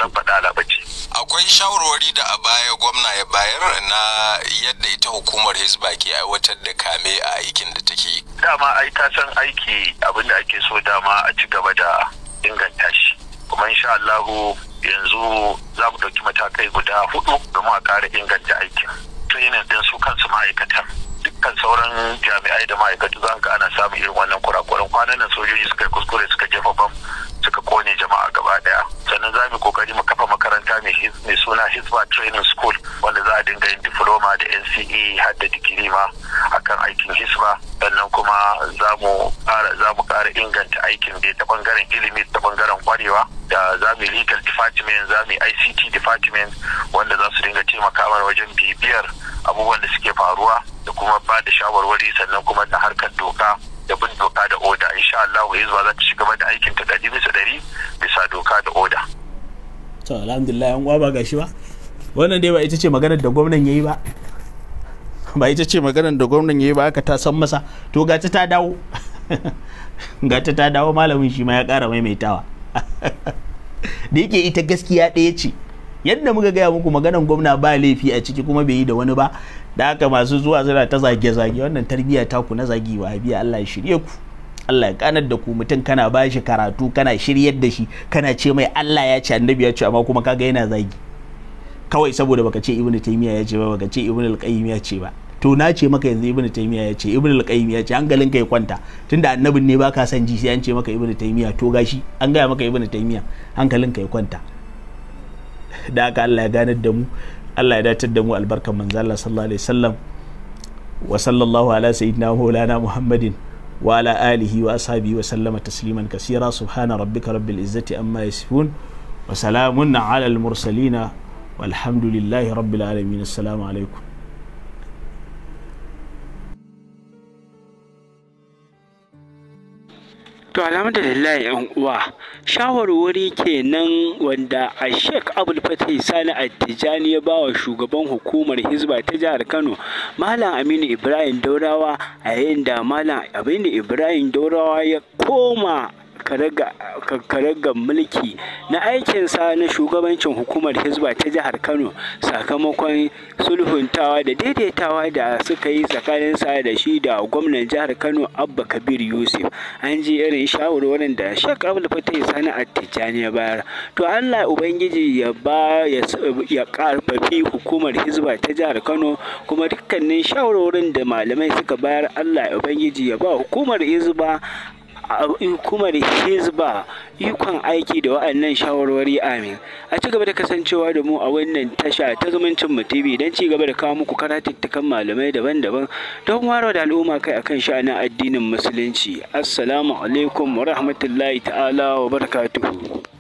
akwai shawarwari da a baya gwamna ya bayar na yadda ita hukumar hizba ke aiwatar da kame a aikin da take dama ai ta san aiki abin da ake so dama a ci gaba da inganta shi kuma insha Allah yanzu za mu ɗauki matakai guda hudu domin a ƙara inganta aikin training din su kansu ma'aikatan dukkan sauran jami'ai da ma'aikatu za ka ana samun irin wannan kurakuran kwanan nan sojoji suka kuskure suka jefa bam suka kone jama'a gaba daya sannan za mu kokari mu kafa makaranta mai suna hisba training school wanda za a dinga yin diploma da nce har da digiri ma akan aikin hisba sannan kuma za mu kara inganta aikin da ta bangaren ilimi ta bangaren kwarewa da za mu legal department za mu ict department wanda za su dinga taimakawa wajen bibiyar abubuwan da suke faruwa da kuma ba da shawarwari sannan kuma da harkar doka da bin doka da oda insha Allah wa zuwa za ta ci da aikin ta dadi bisa dari bisa doka da oda. to alhamdulillah yan uwa ba gashi ba wannan dai ba ita ce maganar da gwamnan yayi ba ba ita ce maganar da gwamnan yayi ba aka ta san masa to gata ta dawo gata ta dawo malamin shi ma ya kara maimaitawa da yake ita gaskiya ɗaya ce yadda muka gaya muku maganan gwamna ba laifi a ciki kuma bai yi da wani ba da haka masu zuwa suna ta zage-zage wannan tarbiyya ta ku na zagi wa biya Allah ya shirye ku Allah ya kanar da ku mutum kana ba shi karatu kana shiryar da shi kana ce mai Allah ya ce annabi ya ce amma kuma kaga yana zagi kawai saboda baka ce ibnu taymiya ya ce ba baka ce ibnu alqayyim ya ce ba to na ce maka yanzu ibnu taymiya ya ce ibnu alqayyim ya ce hankalin ka ya kwanta tunda annabin ne baka san ji sai an ce maka ibnu taymiya to gashi an gaya maka ibnu taymiya hankalin ya kwanta da haka Allah ya ganar da mu Allah ya datar da mu albarkan manzo Allah sallallahu alaihi wasallam wa sallallahu ala sayyidina maulana Muhammadin wa ala alihi wa ashabihi wa sallama tasliman kaseera subhana rabbika rabbil izzati amma yasifun wa salamun ala al mursalin والحمد لله رب العالمين السلام To alhamdulillah yan uwa shawarwari kenan wanda a Sheikh Abdul Fatih Sani Attijani ya bawa shugaban hukumar Hizba ta jihar Kano Malam Aminu Ibrahim Daurawa a yayin da Malam Aminu Ibrahim Daurawa ya koma karagar mulki na aikinsa na shugabancin hukumar Hizba ta Jihar Kano sakamakon sulhuntawa da daidaitawa da suka yi tsakaninsa da shi da gwamnan jihar Kano Abba Kabir Yusuf. An ji irin shawarwarin da Sheikh Abdul yi Sani Attijani ya bayar. To Allah Ubangiji ya ba ya karfafi hukumar Hizba ta Jihar Kano kuma dukkanin shawarwarin da malamai suka bayar Allah Ubangiji ya ba hukumar Hizba kuma da hizba ikon aiki da wa'annan shawarwari amin a ci gaba da kasancewa da mu a wannan tasha ta zumuncin mu tv don ci gaba da kawo muku karatuttukan malamai daban-daban don waro da al'umma kai akan sha'anin addinin musulunci assalamu alaikum wa rahmatullahi ta'ala wa barakatuhu